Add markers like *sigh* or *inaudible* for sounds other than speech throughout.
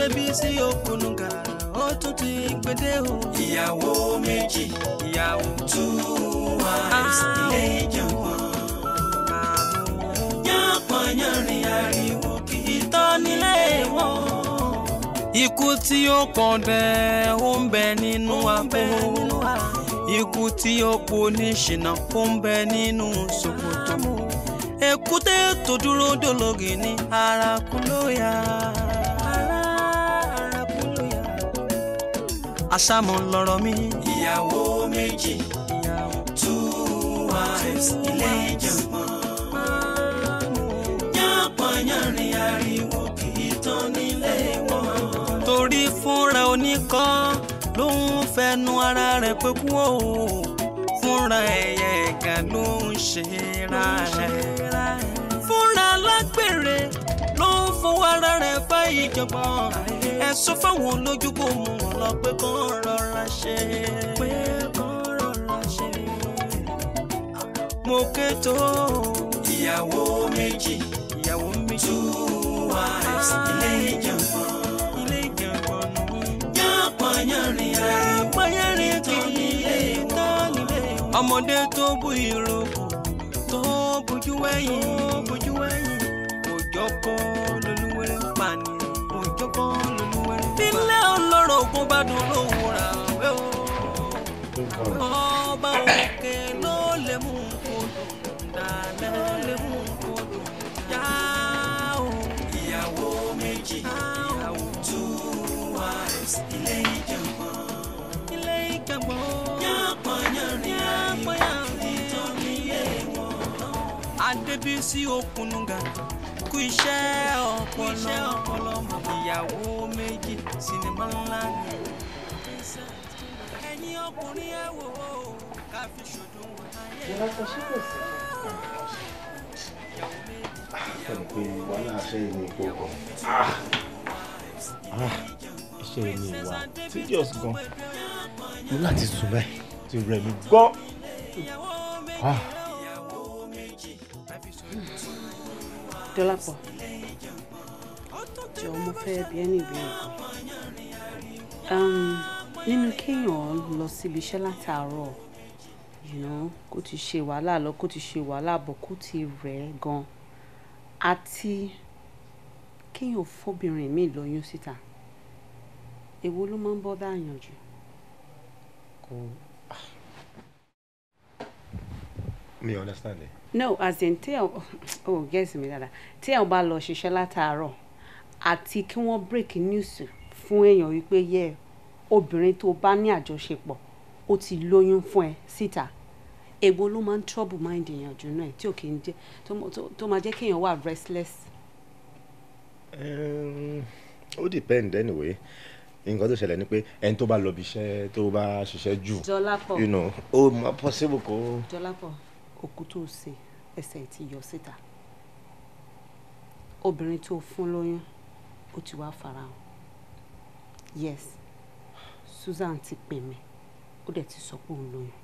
débi sí òkùnùgà ó tún ti gbede o. ìyàwó méjì ìyàwó two wives ah. ilé ìjọ̀gbọ̀n. yánpọ̀n yánrin ariwo kì í tọ́ nílé wọn. ikú tí ó pọ̀ dẹ́ ó ń bẹ nínú abẹ́ ikú tí ó pọ̀ ní ṣìnà ó ń bẹ nínú ṣòkòtò èkúté tó dúró dòlógì ní ara àṣàmọ̀ lọ́rọ̀ mi. ìyàwó méjì two wives ilé ìjọ̀gbọ̀n yánpọn yánrin ariwo kì í tán nílé wọn. torí fúnra oníkọ́ ló ń fẹnu ara rẹ̀ pé kú o fúnra ẹ̀yẹ ẹ̀gà ló ń ṣe ra ẹ̀ fúnra lágbèrè ló ń fowó ara rẹ̀ fá ìjọ̀gbọ̀n ẹ̀sùn fáwọn olójú kò mú wọn lọ pé kó rọra ṣe. pé kó rọra ṣe. mo ké tó. ìyàwó méjì. ìyàwó méjì. two wives. ilé ìjàngbọ̀n. ilé ìjàngbọ̀n nù. yánpọn yánrin rẹ. yánpọn yánrin tó nílé wọn. ọmọdé tó bú ìrókò tó bójú wẹ̀yìn. bójú wẹ̀yìn. òjọ́kọ́ lolúwẹ̀rẹ̀ pa ni. òjọ́kọ́ mo gbádùn lówó ra wé o ọba òkè ló lè mú kodò dàlẹ́ ló lè mú kodò yá o. ìyàwó méjì ìyàwó two wives ilé ìjàngbọ̀n ilé ìjàngbọ̀n yàpọ̀ yàrin àyè ìtàn adébísí òkunuga kú iṣẹ́ ọpọlọ ìyàwó méjì sinimá ńlá ni. ẹ̀yin ọkùnrin ẹ̀ wò ó ká fi ṣòdò wọn ayé. ìyá sọ ṣé kò sí. ẹ̀rù pé wàhálà ṣe ìwé epo kan. Ah! Ah! iṣẹ́ ìwé ìwà tedious gan. mo láti sùn bẹ́ẹ̀ ti rẹ̀ mí gbọ́. Ah. Dọ́lápọ̀ jọ mo fẹ́ bí ẹni ìbéèrè kan um, nínú kéèyàn lọ síbi iṣẹ́ látàárọ̀ kó ti ṣe wàhálà lọ kó ti ṣe wàhálà bọ̀ kó ti rẹ̀ ẹ́ gan àti kéèyàn fọ́bìnrin mi lóyún síta èwo ló máa ń bọ́ dáàyàn jù. Ah. mi understand it no as in téèyàn oh guess me, dada téèyàn bá lọ ṣiṣẹ́ látàárọ̀ àti kí wọ́n break news fún èèyàn wípé yẹ obìnrin tó bá ní àjọṣepọ̀ ó ti lóyún fún ẹ síta ègbò ló máa ń trouble mind èèyàn jù náà tí ò kì í jẹ́ tó máa jẹ́ kéèyàn wà restless. ó depend anyway nǹkan tó ṣẹlẹ̀ ni pé ẹni tó bá lọ bí iṣẹ́ tó bá ṣiṣẹ́ jù you know ó máa possible kó. jọlápọ̀ òkú tó ṣe ẹsẹ̀ ti yọ síta obìnrin tó fún lóyún ó ti wá farahàn yes Susan ti pè mí ó dẹ̀ ti sọ pé òun lóyún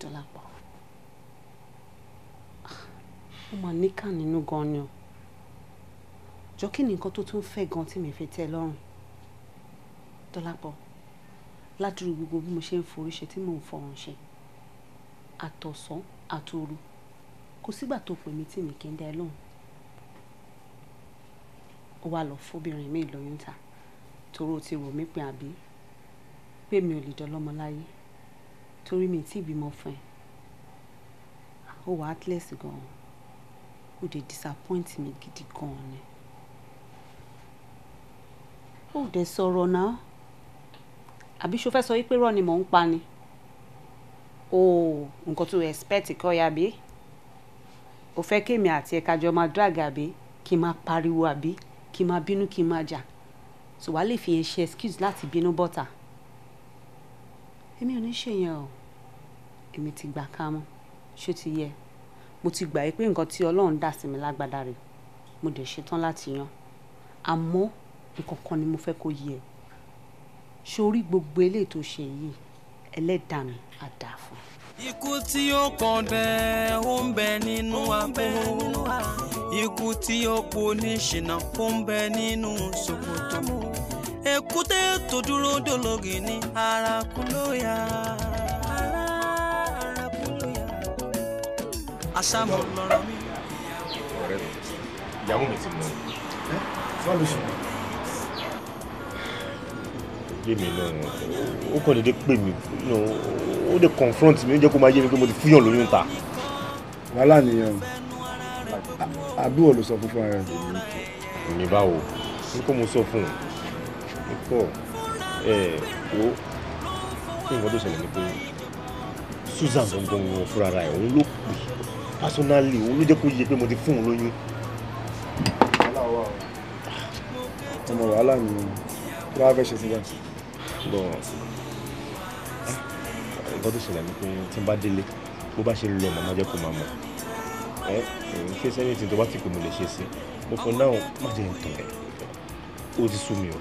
Dọ́lápọ̀ ó mà níkà nínú gan ni o jọ kí ni nǹkan tó tún fẹ́ gan tí mi fi tẹ́ lọ́rùn Dọ́lápọ̀ ládùúgbò gbogbo bí mo ṣe ń forí ṣe tí mò ń fọrùn ṣe àtọ̀sán àtòru kò sígbà tó pè mí tí mi kì í dá ẹ lóhùn ó wá lọ fóbìnrin mi lóyún ta torí o ti rò mí pé àbí pé mi ò lè dọlọ́mọ láyé torí mi tí ìbímọ fún ẹ ó wà atlas gan-an ó dé disappoint mi gidi gan-an ni ó dẹ̀ sọ̀rọ̀ náà àbí ṣo fẹ́ sọ wípé rọ́ ni mò ń pa ni oh nǹkan tó expect kọ́ ya bí o fẹ́ kémi àti ẹ̀ka jọ máa drag àbí kí n máa pariwo àbí kí n máa bínú kí n so wàá lè fi yẹn ṣe excuse lati bínú butter. èmi ò ní ṣe yẹn o èmi ti gbà ká mọ́ ṣó ti yẹ mo ti gbà yí pé nǹkan tí ọlọ́run dà mi lágbádá rẹ̀ mo dẹ̀ ṣetán láti yan àmọ́ nǹkan kan ni mo fẹ́ kó yẹ ṣorí gbogbo eléyìí tó ṣe ẹlẹ́dàá mi á dà ikú tí ó kàn bẹ́ẹ̀ ó ń bẹ nínú àpò ikú tí ó po ní ṣìnà ó ń bẹ nínú ṣòkòtò èkúté tó dúró dòlógì ní arákùnlóyà. àṣàmọ̀ lọ́rọ̀ mi. ìyàwó mi ti mọ̀ ọ́. wọ́n lè display mi náà ó kàn déédéé pè mí ó dé confront mi ó jẹ́ kó máa yé mi pé mo ti fúyàn lóyún ta. wàhálà nìyẹn àbí wọ́n ló sọ fún fún ara rẹ̀. èmi báwo ní kò mo sọ fún un ní kò ẹ o kí nǹkan tó ṣẹlẹ̀ ni pé Susan gangan fúnra rẹ̀ òun ló pè personally òun ló jẹ́ kó yẹ pé mo ti fún un lóyún ọmọ wàhálà ni kí wàá fẹ́ ṣe sí lọ́rùn sí eh, nǹkan tó ṣẹlẹ̀ ni pé tí n bá délé bó bá ṣe ń lọ màmá jẹ́ kó máa mọ̀ ẹ ń fi sẹ́yìn tí n tó bá fi pè mo lè ṣe sí mo fọ náà má jẹ́ ìtàn ẹ̀ ó ti sú mi o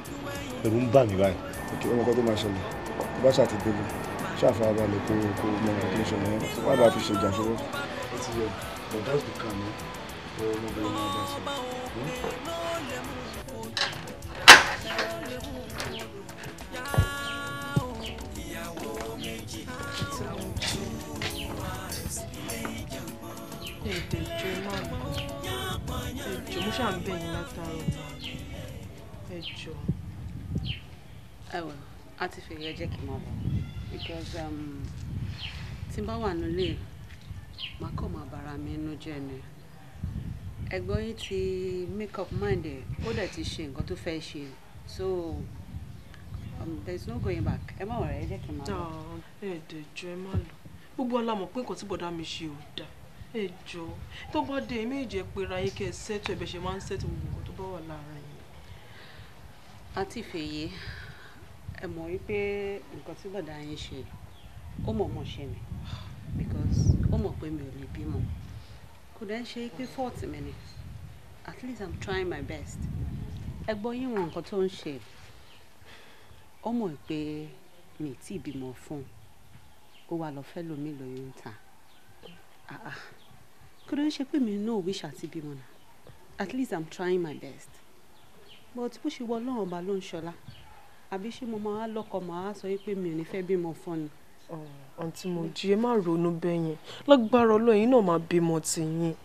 ẹ̀rù ń bà mí báyìí. òkè ọmọ kan tó máa ṣẹlẹ̀ tó bá ṣàti délé ṣàfihàn kó kó mọ nǹkan tó ń ṣẹlẹ̀ yẹn bá fi ṣe ìjà ṣọwọ́. ó ti yẹ but that's the kind of ọmọbìnrin náà bá ṣe. ṣáà ń bẹ̀ yín ẹ jọ. ẹ ti fi ìyẹn jẹ́ kí n bọ̀ because um, tí n bá wà nílé màá kàn máa bára mi inú jẹ́ ni ẹ̀gbọ́n yín ti make up mind ẹ̀ ó dẹ̀ ti ṣe nǹkan tó fẹ́ ṣe so um, there is no going back ẹ má wọ̀rẹ́ ẹ jẹ́ kí n máa lọ. ẹ̀ẹ́dẹ̀jọ ẹ má lọ gbogbo ọlá mọ̀ pé nǹkan tí bọ̀dá mi ṣe ò dáa èjò tó bá dé méje pera yìí kẹ́ ẹ ṣètò ẹ̀bẹ̀ ṣe máa ń ṣètò gbogbo nǹkan tó bá wà láàárín yìí. àǹtí Fèyí ẹ mọ̀ wípé nǹkan tí bọ̀dá yín ṣe ó mọ̀ mọ̀ ṣe mi because ó mọ̀ pé mi ò lè bímọ kò dẹ́ ń ṣe pé fọ́ọ̀tì mi ni at least i'm trying my best ẹ gbọ́ yín wọn nǹkan tó ń ṣe ó mọ̀ pé mi ì tí ì bímọ fún un ó wà lọ́ọ́ fẹ́ lómi lóyún ta. Ah, ah kò ló ń ṣe pé mi no wish àti bímọ náà at least i'm trying my best but bó ṣe wọ ọlọ́run ọba ló ń ṣọlá àbí ṣé mo máa lọ́kọ̀ máa sọ pé mi ò ní fẹ́ bímọ fún ni. àǹtí mo jí ẹ má ronú bẹ́ẹ̀ yẹn lágbára ọlọ́run yìí náà máa bímọ tìyín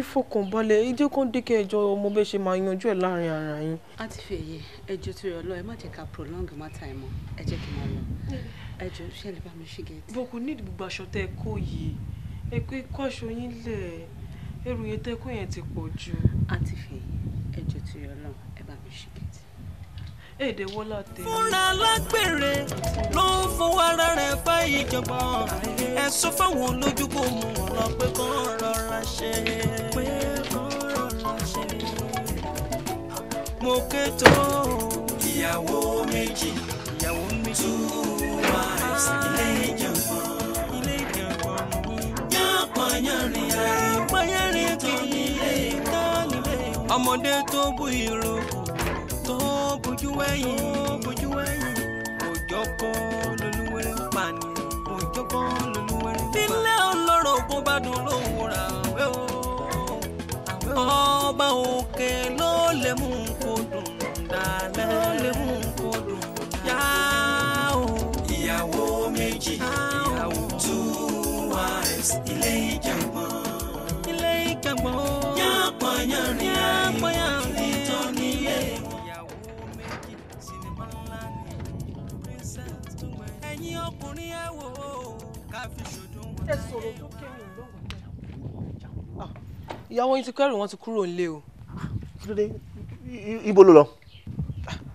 ìfọkànbalẹ̀ hmm. ìdí kan dékẹ́ ẹjọ́ ọmọ bẹ́ẹ̀ ṣe máa yanjú ẹ̀ láàrin ara yín. a ti fi èyí ẹjọ́ tó yọ lọ ẹ má jẹ́ ká prolong matter ẹ̀ mọ́ ẹ jẹ́ kí n máa lọ ẹjọ́ ṣe lè bá mi ṣe gẹ̀ẹ́tì. bọ́kù nídìí gbogbo aṣọ tẹ́ ẹ kó yìí ẹ pé kọ́ṣù yín lẹ̀ ẹrù yẹn tẹ́kùn yẹn ti pọ̀ jù. àǹtí Fèyí ẹjọ́ ti yọ náà ẹ bá mi ṣe èdè wọlá tẹ. fúnra lágbèrè ló ń fọwọ́ ara rẹ̀ fá ìjọba ẹ fáwọn olójú kò mú ọ̀rọ̀ pé kán rọra ṣe. pé kán rọra ṣe. mo kẹ́tọ́. ìyàwó méjì ìyàwó méjì two wives ah. ilé ìjọ pọ́nyẹ́rin ẹ̀ pọ́nyẹ́rin kì í lè tán lè. ọmọdé tó bu ìró tó bojú ẹ̀yìn bojú ẹ̀yìn òjò kan lolúwẹ̀rẹ̀ ń pa ni òjò lolúwẹ̀rẹ̀ ń pa. nílẹ̀ ọlọ́rọ̀ kó bá dùn lówùrà àwẹ̀ o ọba òkè ló lè mú kó dùn dálẹ̀ ló lè mú. Films ilé ìjàngbọ̀n. ilé ìjàngbọ̀n o. yàpọ̀ yànrin yàpọ̀ yànrin kìlì tó nílé wọn. ìyàwó méjì sinimá ńlá ni princess tó wẹ̀. ẹ̀yin ọkùnrin ẹ̀ wò ó ká fi ṣòdùn wọn. ẹ sọ̀rọ̀ tó kẹ́yìn lọ́wọ́. Ah, ìyàwó yín ti kẹ́rù wọn ti kúrò nílé o. kí ibo ló lọ.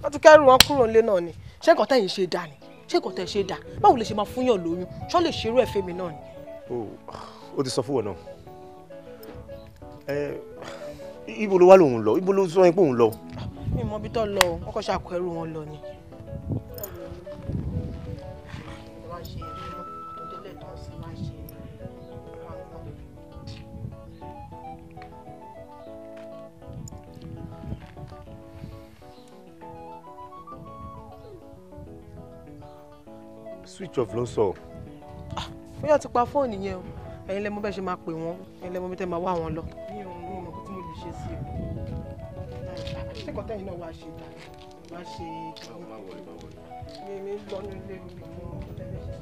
wọ́n ti kẹ́rù wọn kúrò nílé náà ni ṣé nǹkan tẹ̀yìn ṣe dá ni ṣé nǹkan tẹ̀ ṣe dá báwo lè ṣe máa fúnyàn lóyún ṣọ́ lè ṣerú ẹ̀fẹ́ mi náà ni Oh, ó ti sọ fún wọn náà eh, ibo ló wá lòun lọ ibo ló sọ yẹn pé òun lọ. mi mọ ibi tó lọ o wọn kọ ṣàkó ẹrù wọn lọ ni. switch off ló ń sọ. So bóyá ti pa fóònù yẹn o ẹ̀yin lẹ́mọ bẹ́ẹ̀ ṣe máa pè wọ́n ẹ̀yin lẹ́mọ bẹ́ẹ̀ máa wá wọn lọ. mi ò mọ nǹkan tí mo lè ṣe sí o ṣèkọ́ tẹ́yìn náà wàá ṣe dà wàá ṣe. mi mi lọ nílé mi mọ tẹ́lẹ̀ ṣe.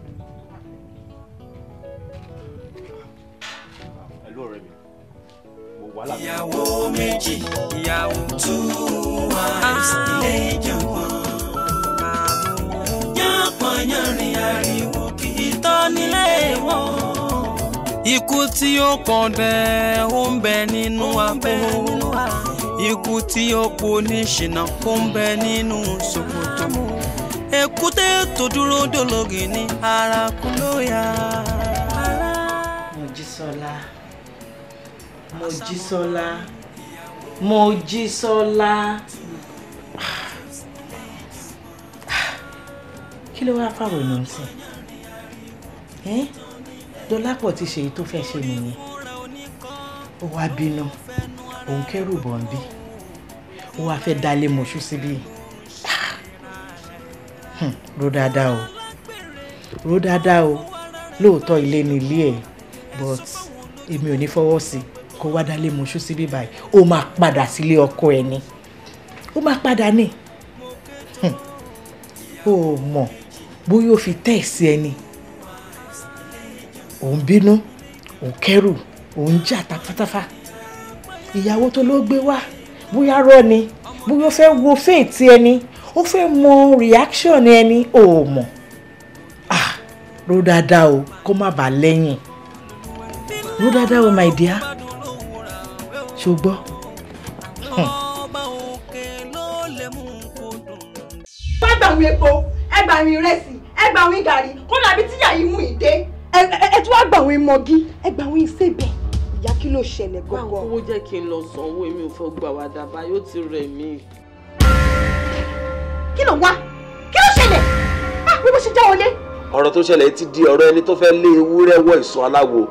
ẹ lóore mi wàhálà. ìyàwó méjì ìyàwó two wives ilé ìjọ̀wọ́ yánpọ̀nyánrin ariwo nílé wọn. ikú tí ó kàn bẹ́ẹ̀ ó ń bẹ nínú abọ́ ikú tí ó po ní ṣìnà ó ń bẹ nínú ṣòkòtò èkúté tó dúró dòlógì ní arákùnlóyà. Mojísọ́lá Mojísọ́lá Mojísọ́lá *sighs* ah. ah. kí ló wá fáwọn èèyàn sí dọ́lápọ̀ ti ṣe èyí tó fẹ́ ṣe nìyẹn ó wá bínú òun kẹ́rù bọ̀ ń bí ó wá fẹ́ dalé mọ̀ṣú síbí ró dáadáa o ró dáadáa o lóòótọ́ ilé ni ilé ẹ̀ but èmi ò ní fọwọ́ sí kó wá dalé mọ̀ṣú síbí báyìí ó máa padà sílé ọkọ ẹ̀ ni ó máa padà ní ó mọ̀ bóyá ó fi tẹ̀ sí ẹni òun bínú òun kẹrù òun jà tafátáfá ìyàwó tó ló gbé wá bóyá rọ ni bóyá ó fẹ́ wo fèètì ẹni ó fẹ́ mọ reaction ẹni ò mọ̀ ah ró dáadáa o kó má bàa lẹ́yìn ró dáadáa o my dear ṣùgbọ́n. bá hmm. gbàmù epo ẹ gbàmù ìrẹsì ẹ gbàmù gàrí kó làbí tíyà yìí mú ìdé ẹ tún wá gbà àwọn ìmọ̀gí ẹ gbà àwọn ìṣèbẹ̀ ìyá kí ló ṣẹlẹ̀ gbọ́ngàn. báwo owó jẹ́ kí n lọ san owó èmi ò fẹ́ gbà wá dàbá yóò ti rẹ̀ mí. kí ló wá kí ló ṣẹlẹ̀ á bí mo ṣe já wọlé. ọ̀rọ̀ tó ṣẹlẹ̀ ti di ọ̀rọ̀ ẹni tó fẹ́ lé ewúrẹ́ wọ ìsun aláwo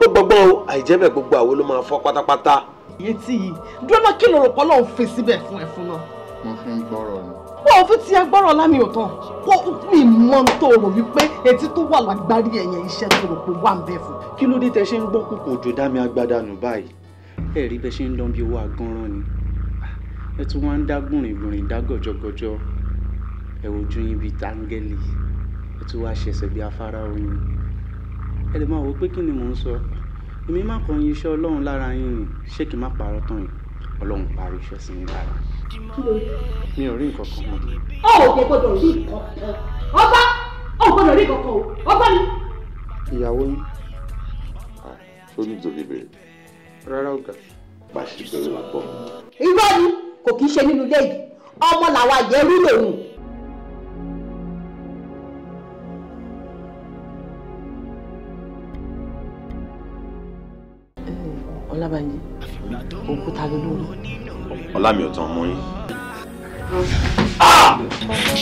gbogbo àìjẹ́bẹ̀ gbogbo àwo ló máa fọ́ pátápátá. iye tí yìí dúró náà kí ló rò pọ́ lọ́ọ́ fèsì bẹ́ẹ̀ fún ẹ̀ fún náà. mo fi ń gbọ́rọ̀ ni wọn ò fi ti agbọ́rọ̀ lámì òtàn kó mi mọ́ tó rò wípé etí tó wà lágbárí ẹ̀yẹn iṣẹ́ tó rò pé wà ń bẹ fún. kí ló dé tẹ ṣe ń gbọ́ kókò òjò dá mi agbada nù báyìí ẹ rí bẹ ṣe ń lọ bí owó agánran ni ẹ tún wá ń dá gbùrìngbùrìn dá gọ̀jọ̀gọ̀jọ̀ ẹ ojú yín bíi táńgẹ́lì ẹ tún wá ṣẹ̀ṣẹ̀ bí afárá oyin ẹ lè máa wò pé kí ni mò ń sọ èmi má kọrin iṣẹ́ ọlọ́run lára yín ni ṣé kí n má parọ́ tán yìí ọlọ́run parí iṣẹ́ sí mi lára mi ò rí nǹkan kan mọ́. ó ò dé gbọdọ̀ rí nǹkan kan ọgbà ó ò gbọdọ̀ rí nǹkan kan o ọgbà mi. ìyàwó yín ah, ó ní ìtòkè bèrè rárá ọ̀gá bá ṣe bẹ̀rẹ̀ máa bọ̀. irọ́ ni kò kìí ṣe nínú ilé yìí ọmọ làwọn àjẹrú lòun. ọlábànjẹ́ òkúta ló ọlámi ọ̀tàn ọmọ yín.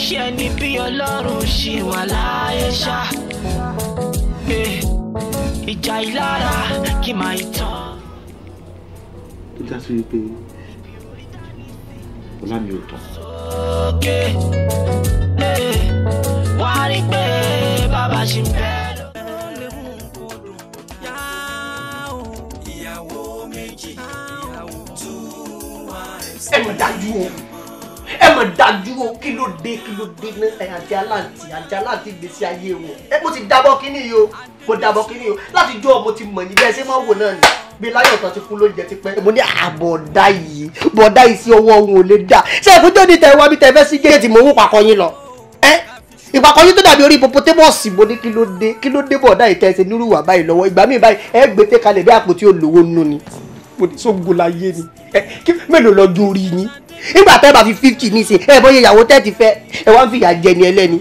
ṣé ni bí ọlọ́run ṣe wà láyé ṣá eh, ìjà ìlara kì máa tán. ó dá sí wípé ọlámi ọ̀tàn. sókè eh, pé bàbá ṣì ń bẹ́ẹ̀. ẹ mọ̀ dájú o ẹ mọ̀ dájú o kí ló dé kí ló dé náà àti aláǹtì àti aláǹtì gbèsè ayé wọn ẹ mo ti dábọ̀ kínní yìí o mo dábọ̀ kínní yìí o láti jọ́ mo ti mọ̀ yín bẹ́ẹ̀ ṣé máa wò náà ni bí láyọ̀ tó ti kú lóúnjẹ ti pẹ́. mo ní àbọ̀dá yìí bọ̀dá yìí sí ọwọ́ òun ò lè dà ṣé ẹ̀kú tó ní tẹ̀ wá bí tẹ̀ fẹ́ sí géètì mò ń wò pàkọ́ yín lọ ìpàkọ́jú tó dàbí orí popotébọ̀sì mo ní kí ló dé kí ló dé bọ̀dá ìtẹ́sẹ̀ nírúwà báyìí lọ́wọ́ ìgbà míì báyìí ẹ gbé tẹ́kalẹ̀ bí àpótí olówó nù ni sógo láyé ni mélòó lọ́jọ́ orí yín nígbà tẹ́ bá fi fifty ní ìsìn ẹ bóyá ìyàwó tẹ́ fẹ́ ẹ wá ń fìyà jẹ ni ẹlẹ́ni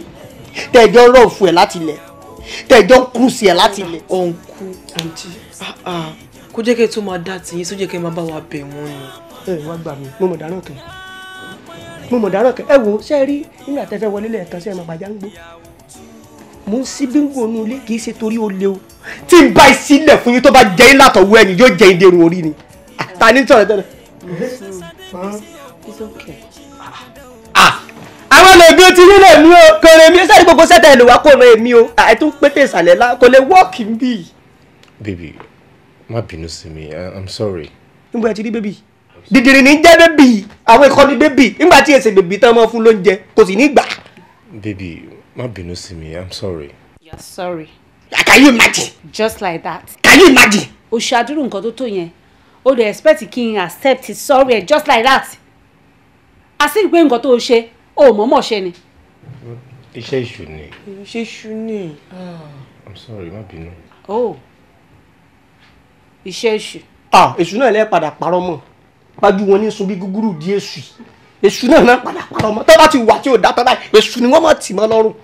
tẹ̀jọ́ rọ̀ fún ẹ láti lẹ̀ tẹ̀jọ́ kù sí ẹ láti lẹ̀. ọ̀nkú àǹtí kó jẹ́ kí ẹ tún máa dá tìyín sójú kí ẹ máa bá wa bẹ̀ wọ́n ni. ẹ wá gbà mí mo mọ̀ dáràn kẹ́ mo mọ̀ dáràn kẹ́ ẹ wo ṣe rí nígbà tẹ́ fẹ́ wọlé lẹ́ẹ̀kan sí ẹ máa bàjá ń gbó mo ń sí bíngò nulẹ̀ kì í ṣe torí ó le tí n bá ìsílẹ̀ fún yín tó bá jẹ́ yín látọ̀wọ́ ẹ̀yìn yóò jẹ́ yín orí ni ta ní sọ̀rọ̀ tẹ́lẹ̀. Ah, àwọn lè bí ti nílẹ̀ mi o kò mi sẹ́ni gbogbo sẹ́tẹ̀ lè wá kó lè mi o àìtún ah, pété ìsàlẹ̀ la kò lè wọ́ọ̀kì ń bì. baby má bínú sí mi i'm sorry. nígbà tí rí bébì dìdìrì ní jẹ́ bébì àwọn ìkọ́ni bébì nígbà tí èsè bèbí tán mọ́ fún lóúnjẹ kò sì ní gbà. baby má bínú sí mi i'm sorry. you're sorry. Ah, can you imagine. just like that. can you imagine. òṣàdúró nǹkan tó tó yẹn o dey expect kí n accept sorry e just like that àti ìpè nǹkan tó o ṣe o ò mọ̀ọ́mọ̀ ṣe ni. iṣẹ́ ìṣù ni. iṣẹ́ ìṣù ni. i'm sorry má bínú. oh iṣẹ́ ìṣù. ah èṣù náà lẹ́ẹ̀ padà parọ́ mọ́ gbájú wọn ní sun bí gúgúrú di èṣù èṣù náà náà padà parọ́ mọ́ tó bá ti wà tí ò dá tó báyìí èṣù ni wọ́n mọ̀ tì mọ́ lọ́rùn.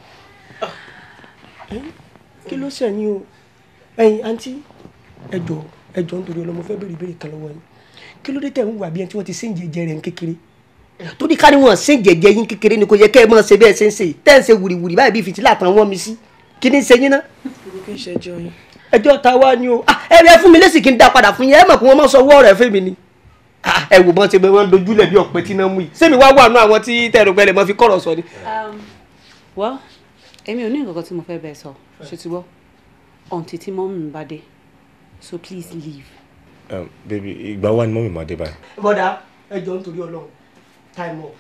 Ah. kí ló ṣẹ̀yìn o ẹ̀yin àǹtí ẹ̀jọ̀ ẹ jọ nítorí ọlọ́mọ fẹ́ béèrè béèrè kan lọ́wọ́ yín kí ló dé tẹ̀ ń wà bí ẹni tí wọ́n ti sìn jẹjẹ rẹ̀ ń kékeré tó ní kárí wọn sìn jẹjẹ yín kékeré ni kò yẹ kẹ́ ẹ máa ṣe bẹ́ẹ̀ ṣe ń ṣe tẹ́ ń ṣe wùrìwùrì báyìí bí fìtílà tán wọ́n mi sí kí ni ṣe yín ná. ẹjọ́ ta wá ni o ah, ẹ rẹ fún mi lẹ́sìn kí n dá padà fún yín ẹ mọ̀ kí wọ́n máa sọ owó ọ̀rẹ́ fún mi ni. Ah, ẹ wò bọ́n ṣe bẹ́ẹ̀ wọ́n dojúlẹ̀ bí ọ̀pẹ tí náà um, mo fẹ́ bẹ́ẹ̀ so please leave. Um, baby ìgbà wa ni mọ́mí máa dé báyìí. bọ́dà ẹ jọ nítorí ọlọ́run time off.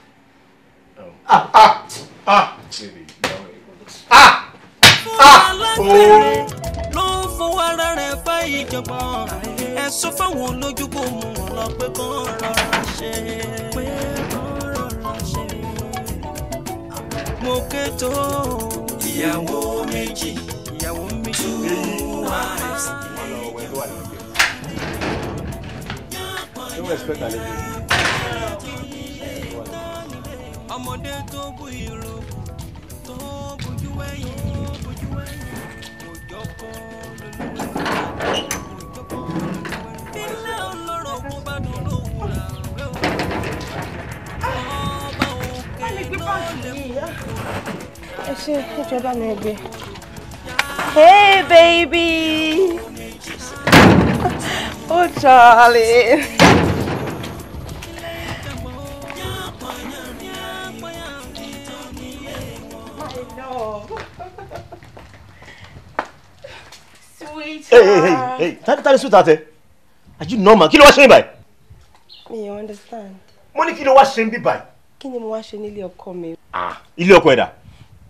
Oh. ah ah ah. ah ah ló ń fún ara rẹ̀ fá ìjọba ẹ̀sùn fáwọn olójúgbò mú un lọ pé kó rọra ṣe pé kó rọra ṣe. mo ké tó. ìyàwó méjì ìyàwó méjì two wives. don't expect àlejò. ọmọdé tó bu irun tó bujú bá mi gbé. Hey, baby! Oh, Charlie. sweetheart. Hey, hey, hey, hey. Tani tani sweetheart ẹ. Are you normal? Kí ló wá ṣe ń báyìí? understand. Money ní kí ló wá ṣe ń bí báyìí. Kí ni mo wá ṣe nílé ọkọ Ah, ilé ọkọ ẹ̀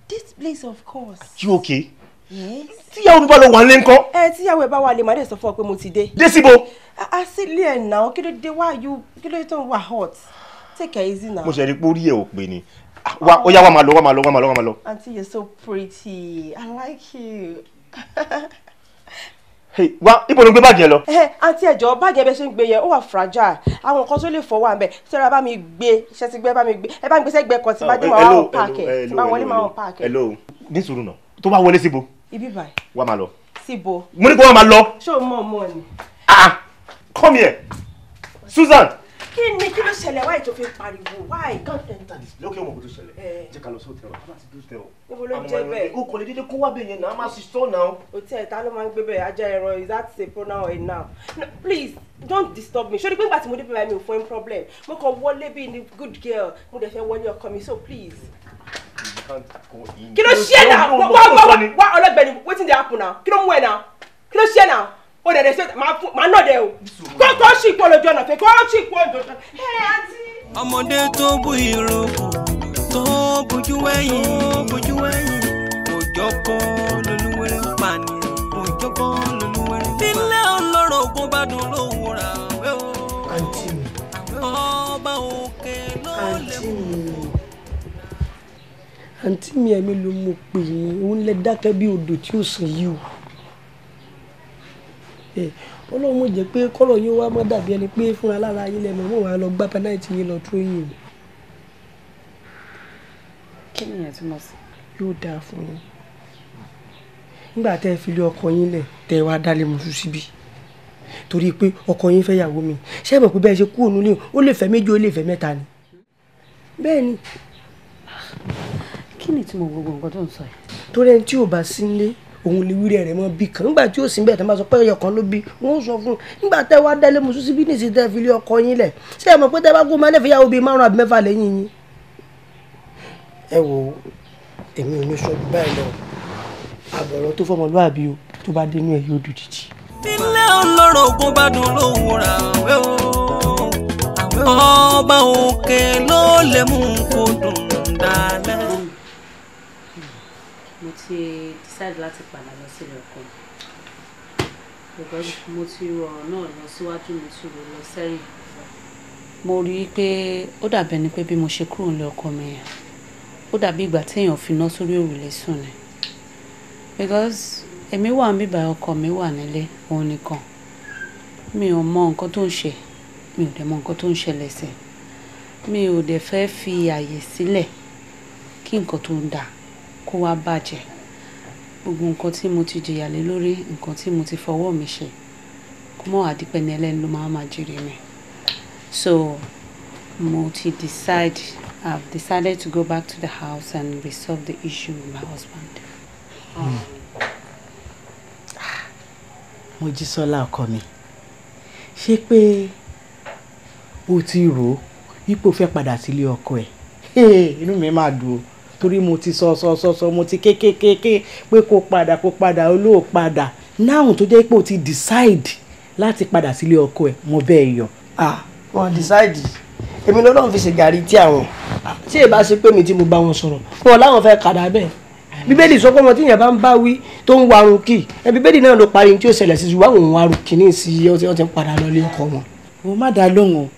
This place of course. Are you okay? Yes. Tíyàwó mi bá lọ wà ń lé ńkọ́. Ẹ eh, tíyàwó ẹ bá wà lè má dẹ̀ sọ fún ọ pé mo ti dé. Dé síbo. A sì lé ẹ̀ náà kí ló dé wá yú kí hot. Take it easy now. Mo ṣe rí pé orí ẹ̀ ò pé ni. Ah, wa oh. ó yá wa máa lọ wa máa lọ wa máa lọ wa máa lọ. Aunty you're so pretty. I like you. *laughs* wá ibo ló gbé báàgì yẹn lọ. ẹ àǹtí ẹjọ báàgì ẹbẹ ṣe ń gbé yẹn ó wà fragile àwọn nǹkan tó lè fọwọ́ àbẹ sẹ́ra bá mi gbé iṣẹ́ ti gbé bá mi gbé ẹ bá mi gbé sẹ́gbẹ́ kan tí bá dé máa wọ́n páàkì ẹ̀ tí bá wọlé máa wọ́n páàkì ẹ̀. hello ní sùúrù náà tó bá wọlé síbo. ibi báyìí. wá máa lọ. síbo. mo ní kó wá máa lọ. ṣé o mọ̀ mọ́ ni. ah come here Susan kí ni kí ló ṣẹlẹ̀ wáyé tó fi pariwo wáyé. you can't enter this lókè ọmọ kò tó ṣẹlẹ̀ eh. jẹ́ ká lọ sí hòtẹ́ẹ̀lì wa bá ti dé hòtẹ́ẹ̀lì. níbo ló ń jẹ bẹ́ẹ̀. o kò lè dédé kó wá bẹ́ẹ̀ yẹn náà má sì sọ náà. hòtẹ́ẹ̀lì ta ló máa ń gbé bẹ́ẹ̀ ajá ẹ̀rọ is that a pronoun or a noun. please don't disturb me sori pé ìgbà tí mo dé bíbá mi ò fún problem mo kàn wọlé bí ni good girl mo dẹ̀ fẹ́ wọlé ọkọ mi so please. kí ló ṣe é náà wá wá wá ọlọ́gbẹ́ni wetin dey happen now kí ló mú ẹ náà kí ló ṣe é náà o dẹ̀ dẹ̀ ṣe máa nọ̀ dẹ̀ o kókó sì pọ̀ lójú ọ̀nà fẹ́ kókó sì pọ̀ lójú ọ̀nà. ọmọdé tó bu ìrókò tó bojú ẹ̀yìn òjò kọ́ lolúwẹ̀rẹ̀ ń òjò kọ́ lolúwẹ̀rẹ̀ ń pa. nílẹ̀ ògùn bá dùn lóhùn ra wẹ́ o. àǹtí mi ọba òkè ló lè mú. àǹtí àǹtí mi ẹ̀mí ló mọ̀ pé òun lẹ dákẹ́ bí odò tí ò sàn yìí o. Eh, ọlọ́run mọ̀ jẹ́ pé kọ́lọ̀ yín wá mọ́ dàbí ẹni pé fúnra lára yín lẹ́mọ̀ mọ̀ wá lọ gbá pẹ́náìtì yín lọ tó yìn. kí ni ìyẹn túmọ̀ sí. yóò dáa fún yín nígbà tẹ́ ẹ fi lé ọkọ yín lẹ̀ tẹ́ ẹ wá dálé mu sùn síbi torí pé ọkọ yín fẹ́ yàwó mi ṣé ẹ mọ̀ pé bẹ́ẹ̀ ṣe kú òun ní ó lè fẹ́ méjì ó lè fẹ́ mẹ́ta ni. bẹ́ẹ̀ ni. kí ni ìtumọ̀ gbogbo nǹkan tó ń sọ yìí. torí ẹni tí ò bá sí nílé òun lè wíri ẹ̀rẹ̀ mọ́ bí kan nígbà tí ó sì ń bẹ̀ tán bá sọ pé ẹyọ kan ló bí wọ́n sọ fún un nígbà tẹ́ wá dálé mu sísí bí nìsí tẹ́ fi lé ọkọ yín lẹ̀ ṣé ẹ mọ̀ pé tẹ́ bá kó máa lẹ́fẹ̀ẹ́ yàwó bíi márùn àbí mẹ́fà lẹ́yìn yín. ẹ wo èmi ò ní sọ ju báyìí lọ àbọ̀rọ̀ tó fọmọlúàbí o tó bá dénú ẹ yóò dùn jìjì. nílé ọlọ́rọ̀ ogun bá dùn lóhùn ra àwẹ̀ o àwẹ̀ ọba òkè ló lè mú kó dùn dálẹ̀. mo ti decide láti padà lọ sílé ọkọ mi because mo ti rọ ọ̀rọ̀ náà lọ síwájú mi tún lọ lọ sẹ́yìn. mo rí i pé ó dàbẹ̀ ni pé bí mo ṣe kúrò nílé ọkọ mi yẹn ó dàbí ìgbà téèyàn fi ná sórí òrùlé sùn ni because èmi wà ń bíbá ọkọ mi wà nílé òun nìkan mi ò mọ nǹkan tó ń ṣe mi ò dẹ̀ mọ nǹkan tó ń ṣẹlẹ̀ sí mi ò dẹ̀ fẹ́ fi àyè sílẹ̀ kí nǹkan tó ń dà kó wá bàjẹ́ gbogbo nǹkan tí mo ti jìyà lé lórí nǹkan tí mo ti fọwọ́ mi ṣe kó mọ́ àdìpẹ́ni ẹlẹ́ni ló máa máa jèrè mi so mo ti decide have decided to go back to the house and resolve the issue with my husband. Hmm. Mojísọ́lá ọkọ mi ṣé pé o ti rò ó ipò fẹ́ padà sílé ọkọ ẹ̀ inú mi máa dùn o torí mo ti sọ sọ sọ sọ mo ti kékékéké pé kó padà kó padà olóò padà náà tó jẹ́ pé o ti decide láti padà sílé ọkọ ẹ̀ mo bẹ́ẹ̀ yọ. ah wọn decide èmi lọ́dọ̀ fi ṣègàrí tí àwọn tí èbá ṣe pé mi tí mo bá wọn sọ̀rọ̀ wọn làwọn fẹ́ kàdá bẹ́ẹ̀ bíbélì sọ fọmọ tí yẹn bá ń bá wí tó ń warun kì ẹ bíbélì náà ló parí tí ó ṣẹlẹ̀ sí ṣùgbọ́n àwọn warun kì ní ìsí ọtí ọtí padà lọ ilé ọkọ wọn. mo má dá lóhùn o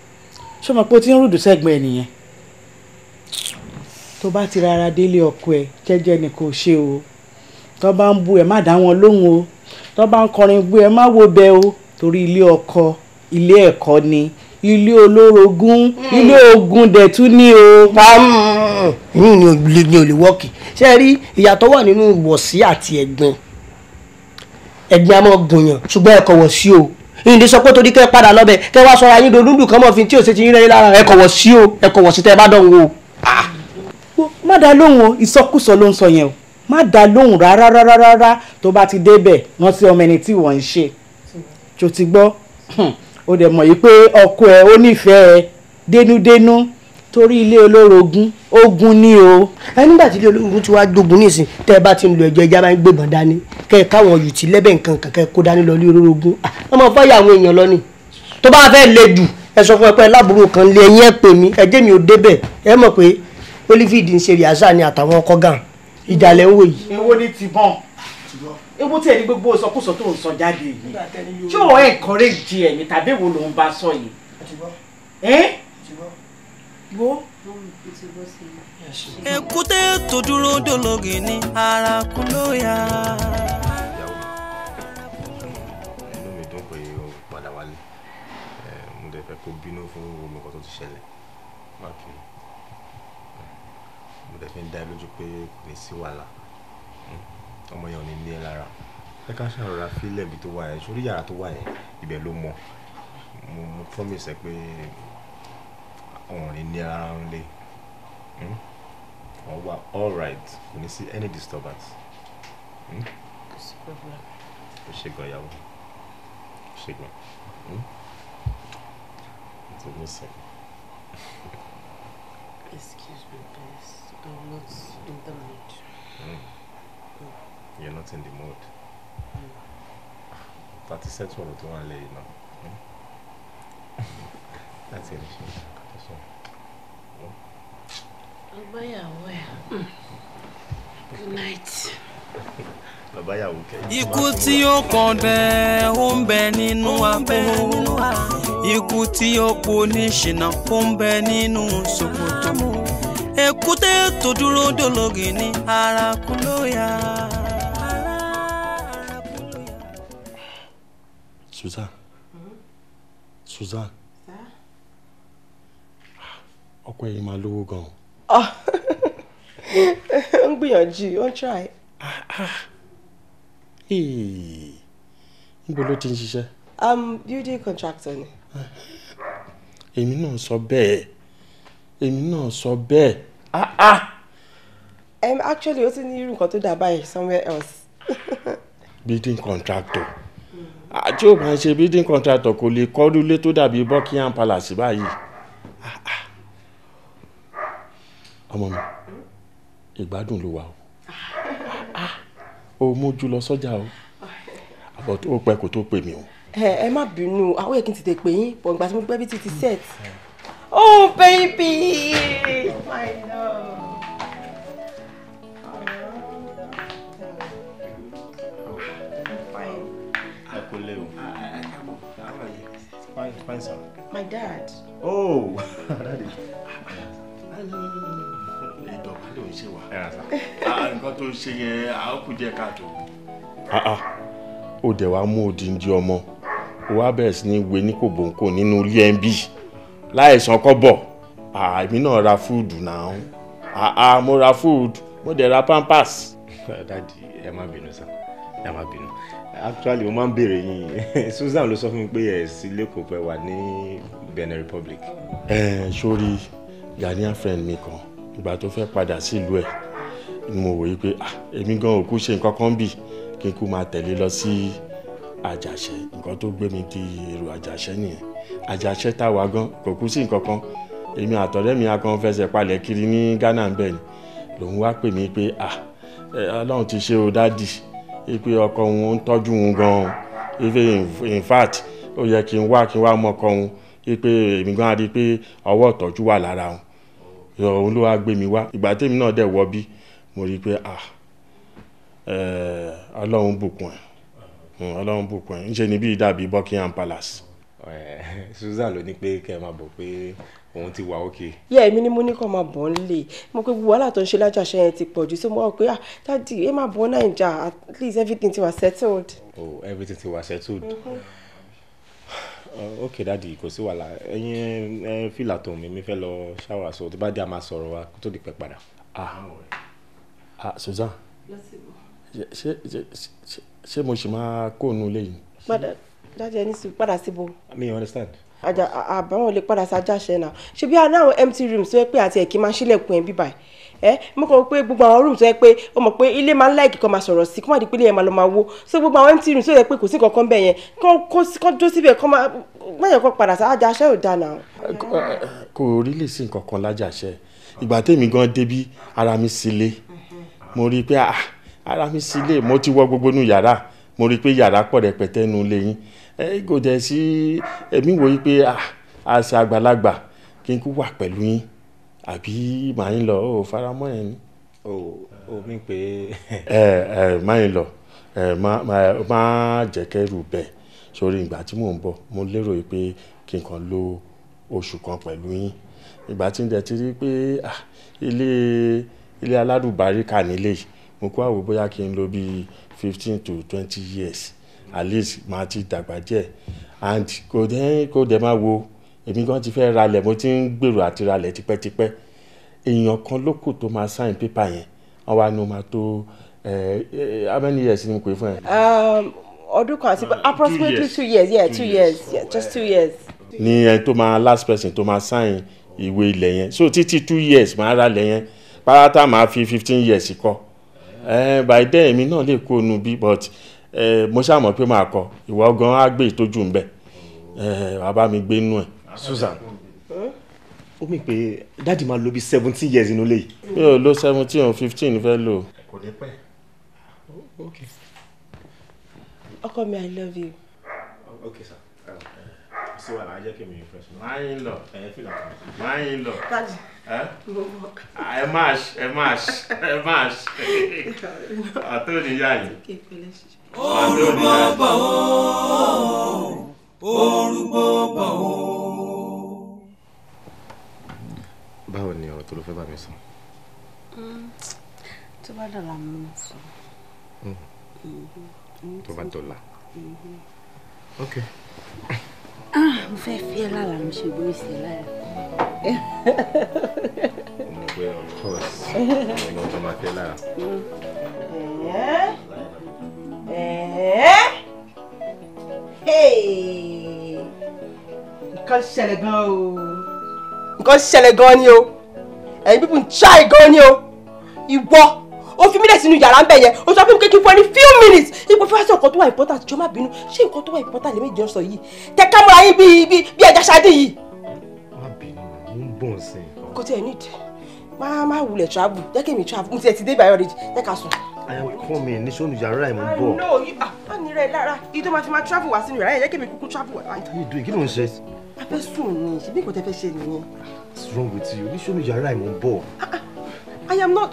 ṣé o mọ̀ pé o ti ń rúdù sẹ́gbẹ̀ẹ́ nìyẹn tó bá ti rárá délé ọkọ ẹ jẹ́jẹ́ ni kò ṣe o tó bá ń bú ẹ má dá wọn lóhùn o tó bá ń kọrin bú ẹ má wo bẹ o torí ilé ọkọ ilé ẹ̀kọ́ ni ilé olórogún hmm. ilé ogun dẹ̀tú ni o. yín ni olè wọ́ọ̀kì ṣe rí ìyàtọ̀ wà nínú ìwọ̀sí àti ẹ̀gbin ẹ̀gbin a máa gùnyàn ṣùgbọ́n ẹ̀kọ́ wọ̀ sí o ìdí sọ pé torí kẹ́ padà lọ́bẹ̀ kẹ́ wá sọ ayé dolúndùn kan tí ò ṣe ti yín rẹ́ lára ẹ̀kọ́ wọ̀ sí o ẹ̀kọ́ wọ̀ sí tẹ́ ẹ bá dán wò. Ah má dá lóhùn o ìsọkúsọ ló ń sọ yẹn o má dá lóhùn rárá rárá rárá tó bá ti débẹ̀ rántí ọmọ ẹni tí wọ́n ń ṣe tó ti gbọ́ ó hmm. dẹ̀ mọ̀ yìí pé ọkọ ẹ̀ ó nífẹ̀ẹ́ dénúdénú torí ilé olórogún ogun ni o. ẹ nígbà tí ilé olórogún ti wá gbógun nísìn tẹ ẹ bá ti ń lo ẹjọ ẹja máa ń gbébọn dání kẹ ẹ káwọn yùtì lẹbẹ nǹkan kẹkẹ kó dání lọ ilé olórogún ah, ọmọ fọyà àwọn èèyàn lọ ni tó bá fẹ́ le jù ẹ sọ fún ẹ pé ẹ lábúrò kan lé ẹyìn ẹ pè mí ẹjẹ mi ò débẹ̀ ẹ mọ̀ pé Olivid ń ṣe rìásà ni àtàwọn ọkọ gan ìjàlẹ̀ ń wò yìí. èwo ni tìbọn ewu tí ẹni gbogbo sọkúsọ tó ń sọ jáde yìí tí ò encourage ẹ̀mí tàbí èwo ló ń bá sọ yìí. wo. èkúté tó dúró dòlógì ní ara kú ló yá. fi ń dá ẹ lójú pé kò ní sí wàhálà ọmọ yẹn ò ní ní ẹ lára ẹ ká ṣàrọ̀ra fílẹ̀ ibi tó wà yẹn sórí yàrá tó wà yẹn ibẹ̀ ló mọ mo mo promise ẹ pé ọ̀rùn ní ní ara ń lé ọwọ́ all right kò ní sí any disturbance. kò sí problem. ó ṣe gan ìyàwó ó ṣe gan. It's a good thing. I'm not in the mood. Mm. Mm. You're not in the mood. That is what we want to lay now. That's it. Hmm. Good night. *laughs* Ikú tí ó kàn bẹ́ ó ń bẹ nínú àpò. Ikú tí ó po ní ṣìnà ó ń bẹ nínú ṣòkòtò. Ekute èkúté tó dúró Ara, ní ya Susan mm-hmm. Susan ọkọ yìí máa lówó gan-an. Ah. *laughs* ó ń gbìyànjú ó ń try. níbo ló ti ń ṣiṣẹ́. I'm um, building contractor ni. èmi náà sọ bẹ́ẹ̀. èmi náà sọ bẹ́ẹ̀ ah ah. Um, actually ó ti ní irú nǹkan tó dà báyìí somewhere else. *laughs* building contractor àti ò máa ń ṣe building contractor kò lè kọ́rú ilé tó dàbí Buckingham Palace báyìí ah, ah. ọmọ mi ìgbádùn ló wà o ò *laughs* ah, mójú lọ sọ́jà o àbọ̀ tó pẹ́ kó tó pè mí o. ẹ ẹ má bínú àwọn èkìtì tètè pè yín bọ̀ǹgbà tí mo gbẹ́ bí ti ti set. Mm -hmm. Oh, baby! My love. Fine, fine, sir. My dad. Oh, *laughs* daddy. Ìdọ̀bá ló ń ṣe wá. Nǹkan tó ń ṣe yẹn, a ó kú jẹ́ káàtó. Ah, ah. Ó dẹ̀ wá mú odindi ọmọ, ó wá bẹ̀rẹ̀ sí ní wé ní kòbóǹkò nínú ilé ẹ̀ ń bì láìsàn kọ́ bọ̀ àmì náà ra fúdù náà àà mo ra fúdù mo dẹ̀ ra pampers. *laughs* dadi ẹ má bínú sá ẹ má bínú actually mo máa ń béèrè yín *laughs* Susan ló sọ fún mi pé ẹ sí lẹ́kọ̀ọ́ pé wà ní Benin Republic. ẹ sórí Ghanaian friend mi kan ìgbà tó fẹ́ padà sílùú ẹ̀ ni mo wòye pé ah, èmi gan òkú ṣe nǹkan kan bì kí n kú máa tẹ̀lé lọ sí. Si àjàṣẹ nǹkan tó gbé mi di èrò àjàṣẹ nìyẹn àjàṣẹ táwa gan kò kú sí nǹkan kan èmi àtọ̀rẹ́ mi fẹsẹ̀ palẹ̀ kiri ní Ghana bẹ́ẹ̀ ni wá ti ṣe o dádì ọkọ ń tọ́jú gan ife in fact ó yẹ kí n wá mọ ọkọ pé èmi gan adi pé ọwọ́ ìtọ́jú wà lára òun ló wá gbé mi wá ìgbà tèmi náà dẹ̀ wọ bí mo rí i pé à Ọlọ́run bùkún ọlọ́run bùkún ẹ̀ ń ṣe ni bí dàbí Buckingham Palace. Susan ló ní pé kẹ́ ẹ máa bọ̀ pé òun ti wà òkè. yẹ èmi ni mo ní kàn máa bọ̀ ń lè mo pé wàhálà tó ń ṣe lájà ṣe yẹn ti pọ̀ jù sí mo rò pé ah dadi ẹ máa bọ̀ Naija at least everything ti wà settled. oh everything ti wà settled. Mm-hmm. uh, ok dadi kò sí wàhálà ẹyin ẹ fìlà tó mi mi fẹ́ lọ ṣáwà so tó bá dé a máa sọ̀rọ̀ wa kó tó di pẹ́ padà. ah ah Susan ṣe ṣe ṣe ṣé mo ṣì máa kóònù ilé yìí. padà jáde ẹni sì padà síbo. mi understand. àjà àbáwọn lè padà sájàṣẹ náà ṣebí àná àwọn empty rooms tó yẹ pé àti ẹ̀kí máa ṣílẹ̀kùn ẹ̀ bíbáyìí ẹ mo kàn pé gbogbo àwọn rooms tó yẹ pé o mọ̀ pé ilé máa ń láìkì kan máa sọ̀rọ̀ sí kó má di pé ilé yẹn máa lọ máa wó so gbogbo àwọn empty tó yẹ pé kò sí kankan bẹ́ẹ̀ yẹn kó dó síbẹ̀ kó má yẹ kó padà sá aṣẹ́ ò dáná. kò rí lè sí nǹkan kan lájà aṣẹ ìgbà tèmi gan débi ara mi sì le mo rí i pé ah ara mi sí ilé mo ti wọ gbogbo inú yàrá mo rí i pé yàrá pọ̀ rẹpẹtẹ nu ilé yín ẹ kò dẹ̀ sí èmi wò yí pé àṣà àgbàlagbà kí n kú wà pẹ̀lú yín àbí màá ń lọ ò faramọ́ ẹ̀ ni. o ò mí ẹ ẹ máa ń lọ ẹ má jẹ́ kẹ́rù bẹ́ẹ̀ sórí ìgbà tí mò ń bọ̀ mo lérò pé kí n kàn lo oṣù kan pẹ̀lú yín ìgbà tí n dẹ̀ ti rí i pé ilé ilé aládùbárí kà nílé yìí mo kó àwò bóyá kí n lo bíi fifteen to twenty years at least màá ti dàgbà díẹ̀ and kò dé kò dé máa wo èmi gan ti fẹ́ ralẹ̀ mo ti ń gbèrò àti ralẹ̀ tipẹ́tipẹ́ èèyàn kan ló kù tó máa sign paper yẹn wọ́n wá ní o máa tó how many years ni mo pè fún ẹ. Um, ọdún kan àti uh, approximately two years yeah two, years, just two years. ni ẹni tó máa last person tó máa sign ìwé ilẹ̀ yẹn so títí two years máa ralẹ̀ yẹn pátá máa fi fifteen years kọ́. Eh, by then èmi náà lè kó onú bí but eh, mo ṣàmọ̀ pé màá kọ ìwọ gan á gbé ìtọ́jú ń bẹ̀ eh, wàá bá mi gbé nú ẹ̀. Susan ó mì pé dáàdi máa lo bí seventeen years inú lé yìí. mi ò lo seventeen or fifteen fẹ́ lò. kò ní pẹ́. ọkọ mi i love you. okay sir sí wàhálà ajẹ́ kí mi refresh. máa ń lọ ẹ̀yẹ́ fìlà kan máa ń lọ. Hã? Ah, é macho, é macho, é macho. Ah, tô de Ouro baba o, ouro baba o. Báwo ni tu tó ló fẹ́ bá mi sọ? Tó bá dọ̀la mo ń sọ. Tó bá Ok. Ah, mo fẹ́ fi ẹ́ lára mo ṣe gbóyè sí ẹ lára. mo pe *laughs* eh, eh, eh. nǹkan ṣẹlẹ̀ gan o. nǹkan ṣẹlẹ̀ gan ni o ẹ̀yin pípùn ṣáì gan ni o ìwọ o fi mí lẹ̀ sínú yàrá ń bẹ̀ o sọ fún mi kékeré fún ẹni few minutes ipò fún wa sọ nǹkan tó wà important jọ má bínú ṣé nǹkan tó wà important lè méjì ọ̀sán yìí tẹ kámúra yín bíi bíi bíi ẹja ṣáde yìí. má bínú mo bọ̀ sí i. kò tiẹ̀ nídìí má má wulẹ̀ travel jẹ́ kí èmi travel mo ti ẹ̀ ti dé ibà yọrí jẹ́ ká sùn. I am coming ní sóònù yàrá ẹ̀ mo ń bọ̀. no ah má ní rẹ lára iye tó máa fi máa travel wá sínú yàrá yẹn jẹ́ kí èmi kúkú travel wá. mi ì dùn kí ló ń ṣe. a fẹ́ sùn ni ṣèbí nǹkan tẹ fẹ́ ṣe nìyẹn. what's wrong with you ní sóònù yàrá ẹ̀ mo ń bọ̀. Ah, ah, I am not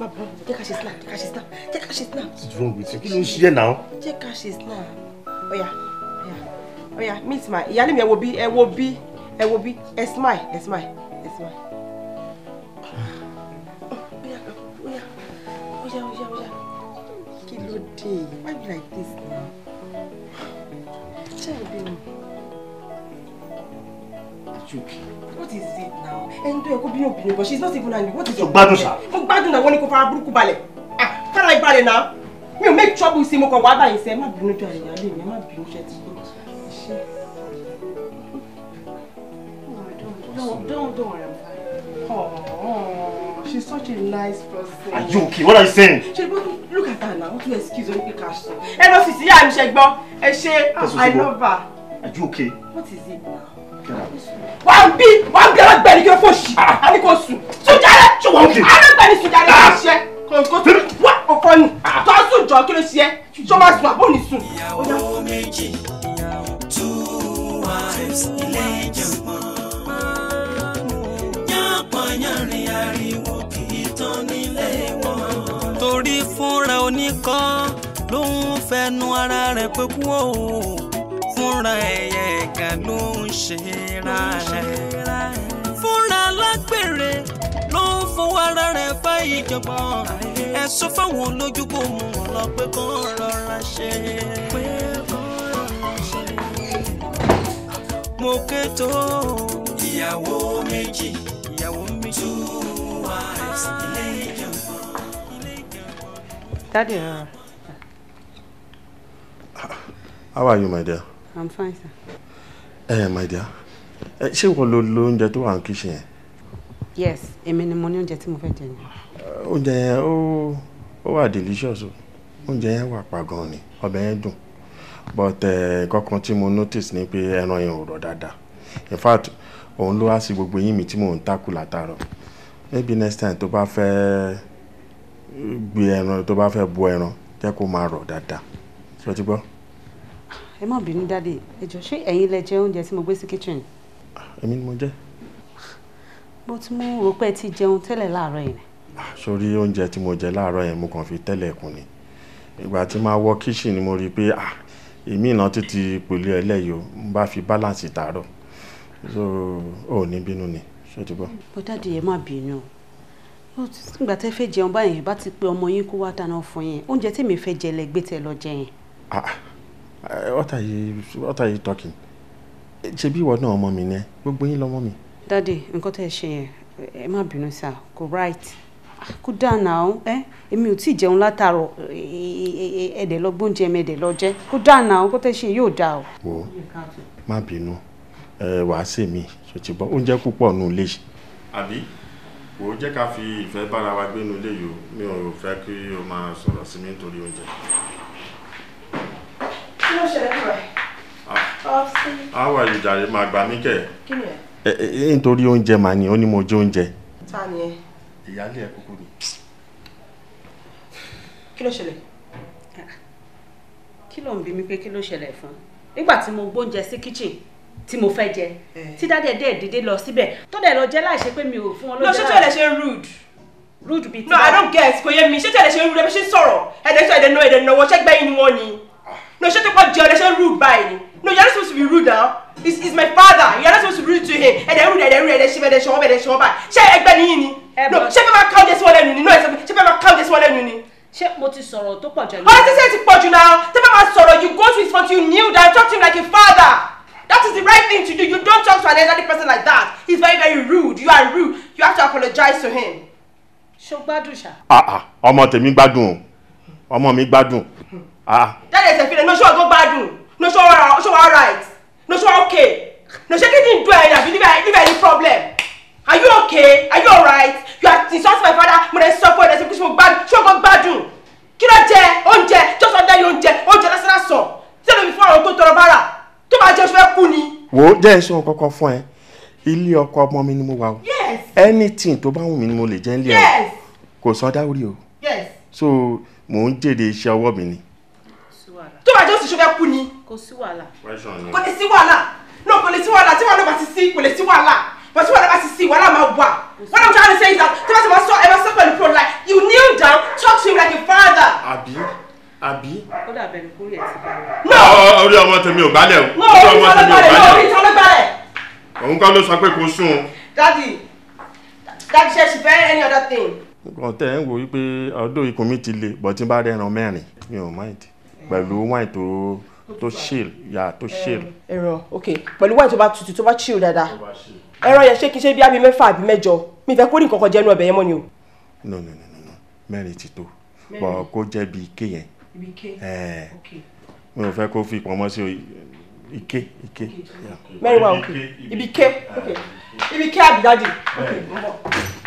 Take bọ̀ jẹ́ ká ṣe snap jẹ́ ká ṣe what's wrong with you kí ló now. Take náà. jẹ́ ká ṣe snap ọ̀yà ọ̀yà ọ̀yà meet my ìyáálé mi ẹ wo bí ẹ wo bí ẹ wo bí ẹ smile ẹ smile ẹ smile. ọ̀yà ọ̀yà ọ̀yà ọ̀yà kí ló dé why be like this now. Check it. bí mi. joking what is it now ẹni tó yẹ kó bí obìnrin but she is not even angry what is your problem. gbádùn sa. mo gbádùn náà wọ́n fara burúkú balẹ̀ ah fara ìbalẹ̀ náà mi ò make trouble sí mo kàn wá báyìí sẹ́ má bínú jọ àyà lè mi má bínú ṣe ti tó. don't don't don't worry i'm fine. Oh, she's such a nice person. Are you okay? What are you saying? Ṣé look at her now. What do you excuse only cash so? no, lọ sì sí àmì ṣẹgbọ́n. Ẹ ṣe ah, I love her. Are you okay? What is it now? wà á bí wà á bí alágbẹ̀ni kí ló fò sí àníkò ah. sùn sùjàre ṣùgbọ́n alágbẹ̀ni sùjàre ah. kò ṣe kò tó wà ọkọ ni ah. tó sùn jọ kí ló ṣe tó máa sùn àbò ní sùn. ìyàwó méjì two wives ilé ìjọ̀gbọ́n yánpọ̀ yánrin ariwo kì í tán nílé wọn. torí fúnra oníkan ló ń fẹnu ara rẹ̀ pé kú òun fúnra ẹ̀yẹ ẹ̀gàn ló ń ṣe ra ẹ̀. fúnra alágbèrè ló ń fowó ara rẹ̀ bá ìjọba ẹ̀sùn fáwọn olójú kò mú wọn lọ pé kó rọra ṣe. mo ké tó ìyàwó méjì ìyàwó méjì two ilé ìjọba. Daddy, uh... How are you, my dear? i'm fine sir. Eh, my dear ẹ eh, ṣé ìwọ ló lo oúnjẹ tó wà ní kíṣìn yẹn. yes èmi ni mo ní oúnjẹ tí mo fẹ́ jẹ ni. Eh, oúnjẹ yẹn ó ó wà delicious o oúnjẹ yẹn wà pa gan ni ọbẹ̀ yẹn dùn but kankan eh, tí mo notice ni pé ẹran yẹn ò rọ̀ dáadáa in fact òun ló wá sí gbogbo yín mi tí mò ń takù látàárọ̀ maybe next time tó bá fẹ́ gbé ẹran tó bá fẹ́ bọ ẹran jẹ́ kó máa rọ̀ dáadáa ṣé o ti gbọ́ ẹ má bínú dáadé ẹ jọ ṣé ẹ̀yin lẹ jẹ oúnjẹ tí mo gbé sí kitchen. èmi ni mo jẹ. mo ti mú rò pé ti jẹun tẹ́lẹ̀ láàárọ̀ yẹn. Ah, sórí oúnjẹ tí mo jẹ láàárọ̀ yẹn mo kàn fi tẹ́lẹ̀ kùn ni ìgbà tí máa wọ kitchen ni mo rí i pé ah, èmi ìná títí pẹ̀lú ẹlẹ́yìí o n bá fi balance tààrọ̀ so ò ní bínú ni ṣé ti bọ́. mo dáàdi ẹ má bínú o nígbà tẹ́ fẹ́ jẹun báyìí bá ti pé ọmọ yín kó wá dáná fún yín oúnjẹ tèmi fẹ́ jẹ lẹ tẹ lọ jẹ yẹn. Ah, Eh, what are you what are you talking eh, ṣebí náà ọmọ mi nẹ gbogbo yín lọmọ mi. dadi nǹkan ẹ ẹ right ah, kò dáa náà ẹ o ò jẹun látàárọ̀ ẹdẹ lọ gbóúnjẹ mi ẹdẹ lọ jẹ kò o. wo má ẹ púpọ̀ àbí wò ó ká fi wa gbénu mi ò kí o máa sọ̀rọ̀ sí mi kí ló ṣẹlẹ̀ níbẹ̀. ọsí. Ah. Ah, ah, àwa ìjàre máa gbà mí kẹ. kí ni ẹ. nítorí oúnjẹ màá ní ó ní mo jẹ oúnjẹ. ta ni ẹ. ìyáálé ẹ kúkú ni. kí ló ṣẹlẹ̀. kí ló ń bi mí pé kí ló ṣẹlẹ̀ fún nígbà tí mo gbóúnjẹ sí kitchen tí mo fẹ́ jẹ eh. tí dáadé dẹ̀ dédé lọ síbẹ̀ tó dẹ̀ lọ jẹ́ láìṣe pé mi ò fún ọ lóúnjẹ láì. lọ ṣé tí ṣe rude rude bíi ti. no i don't get kò yé mi ṣé tí ẹ lè ṣe rude ẹ bí ṣe sọ̀rọ̀ ẹ̀dẹ̀ sọ ẹ̀dẹ̀ náà ẹ̀dẹ̀ náà wọ́n ṣẹ́gbẹ́yìn ni wọ́n No, shut up, what John. I should rude by any. No, you're not supposed to be rude now. It's, it's my father. You're not supposed to be rude to him. And then rude, and then rude, and then she, and then she, and then she, and then she, and then No, she fẹ́ count this one and No, she fẹ́ count this one and ṣé mo ti sọ̀rọ̀ tó pọ̀ jù lọ. ọ̀rẹ́ sísè ti pọ̀ jù náà tẹ́ bá máa sọ̀rọ̀ you go to his front you kneel down talk to him like a father that is the right thing to do you don't talk to an elderly person like that He's very very rude you are rude you have to apologize to him. ṣó gbádùn ṣá. Ah, ah. ọmọ tèmi gbádùn o ọmọ mi gbádùn that is a feeling. no sure I go gbádùn no sure I sure all right no sure okay no sure kidney do ẹyin àbí níbẹ̀ ní problem are you okay are you alright you are insulting my father mo dey sọ pé ẹ̀dẹ̀ sọ pé mo gbádùn sure go gbádùn kí ló jẹ oúnjẹ just under your oúnjẹ oúnjẹ lásán sàn tí èlò mi fún àwọn tó tọrọ bára tó bá jẹ oṣù fẹ́ kú ni. wo jẹ́ ìṣòro kankan fún ẹ ilé ọkọ ọmọ mi ni mo wà Yes. anything to bá wù mí ni mo lè jẹ nílé ọ kò sọ dáwúrí o so mò ń jèrè iṣẹ́ ọwọ́ mi ni tó bá jẹ́ òsì ṣọ́fẹ́ kú ni. kò sí wàhálà. kò lè sí wàhálà no kò lè sí wàhálà tí wàhálà bá ti sí kò lè sí wàhálà but tí wàhálà bá ti sí wàhálà máa wà. what I'm trying to say is that tí wàhálà máa sọ ẹ sọ pẹ̀lú pro you kneel down talk to him like a father. àbí àbí. ó dà bẹ́ẹ̀ ni kúrò ẹ̀ ti bá wa. orí ọmọ tèmi ò gbálẹ̀ o. orí ọmọ tèmi ò gbálẹ̀ o. òun kọ́ ló sọ pé kò o. dadi dadi ṣe ṣe fẹ́ any other pẹ̀lú wine tó tó chill yà tó chill. ẹ̀rọ ok pẹ̀lú wine tó bá tutù tó bá chill dáadáa ẹ̀rọ yẹn ṣé kí n ṣe bí abí mẹ́fà àbí mẹ́jọ mi fẹ́ kó ní nǹkan kan jẹ́nu ọbẹ̀ yẹn mọ́ ni o. no no no no mẹ́rin ti tó bọ̀ kó jẹ́ bí ike yẹn mi ò fẹ́ kó fi pamọ́ sí ike ike. mẹ́rin wa ok ibi ike ok ibi ike àbí dáàdì ok n bọ̀.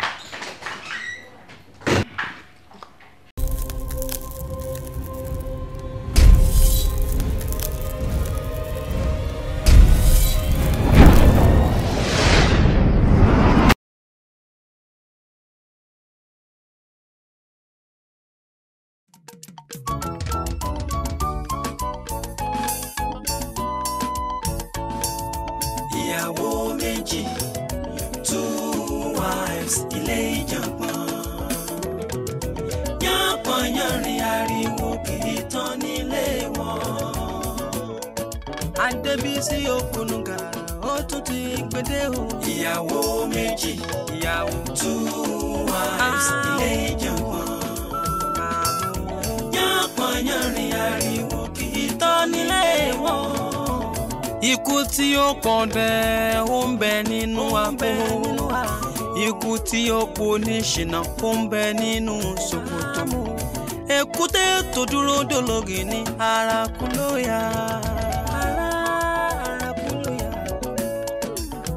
sí òpònú kà ó iyawo méjì ìyàwó ah. ilé ikú tí ó kàn dẹ̀ ó ń bẹ nínú abẹ́ ikú tí ó po ní ṣìnà ó ń nínú ṣòkòtò èkúté tó dúró dòlógì ní ara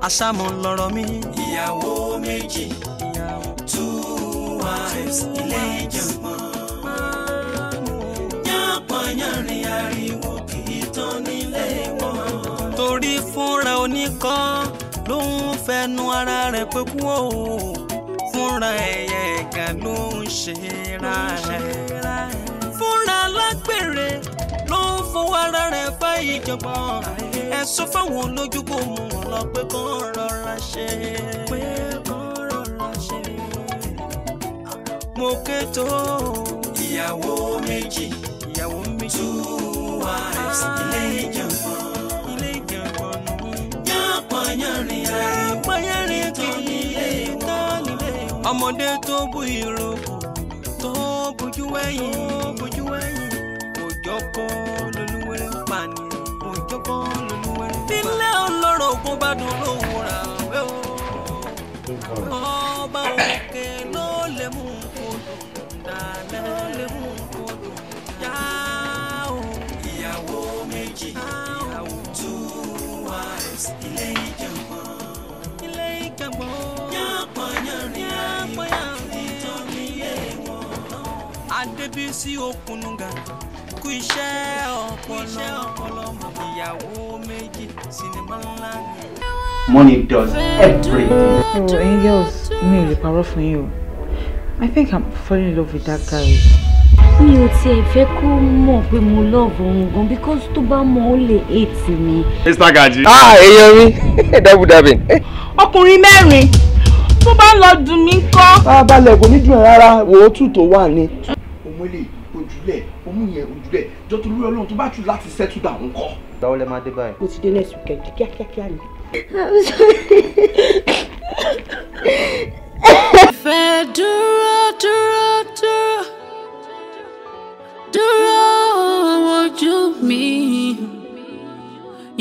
àṣàmọ̀ lọ̀rọ̀ mi. ìyàwó méjì two wives ilé ìjàngbọ̀n yànpọ̀ yànrin ariwo kì í tán nílé wọn. torí fúnra oníkọ́ ló ń fẹnu ara rẹ̀ pé kú o fúnra ẹ̀yẹ ẹ̀gà ló ń ṣe ra ẹ̀ fúnra lágbèrè ló ń fọwọ́ ara rẹ̀ fá ìjọba ẹ sọ fáwọn olójú kò mú wọn lọ pé kán rọra ṣe. pé kán rọra ṣe. mo ké tó. ìyàwó méjì. ìyàwó méjì. two wives. Ah. ilé ìjàngbọ̀n. ilé ìjàngbọ̀n nù. yánpọ̀ yánrin ayé. yánpọ̀ yánrin kì í tán nílé wọn. ọmọdé tó bu ìrókò tó bojú wẹ̀yìn. tó bojú wẹ̀yìn. kò jọ kó gbádùn lòun rà wẹ́ o. ọba òkè ló lè mú kodò dàlẹ́ ló lè mú kodò yá o. ìyàwó méjì ìyàwó two wives ilé ìjàngbọ̀n. ilé ìjàngbọ̀n. yàpọ̀ yàrin àyè ìtọ́ni ilé wọn. Adébísí Òkunúgà kú iṣẹ́ ọpọlọ ìyàwó méjì sinimá ńlá money does everything. oh ẹ̀yin girls mi ò lè parọ́ fún yín o i think i'm falling in love with that guy. mi ò tiẹ̀ fẹ́ kó mọ̀ pé mo love òun gan because tó bá mọ̀ ó lè hate mi. mr gaji. ah èèyàn mi dábùdábìn. ọkùnrin mẹ́rin tó bá lọ dùn mí kọ́. bá a balẹ̀ kò ní dùn rárá wò ó tù tó wà ní. òmùlẹ̀ oyún yẹn ojú rẹ̀ jọ tó lórí ọlọ́run tó bá tù láti settle down kọ́. báwo lẹ máa dé báyìí. mo ti dé next weekend kíákíákíá ni. ìfẹ́ dúró dúró dúró dúró ojú mi.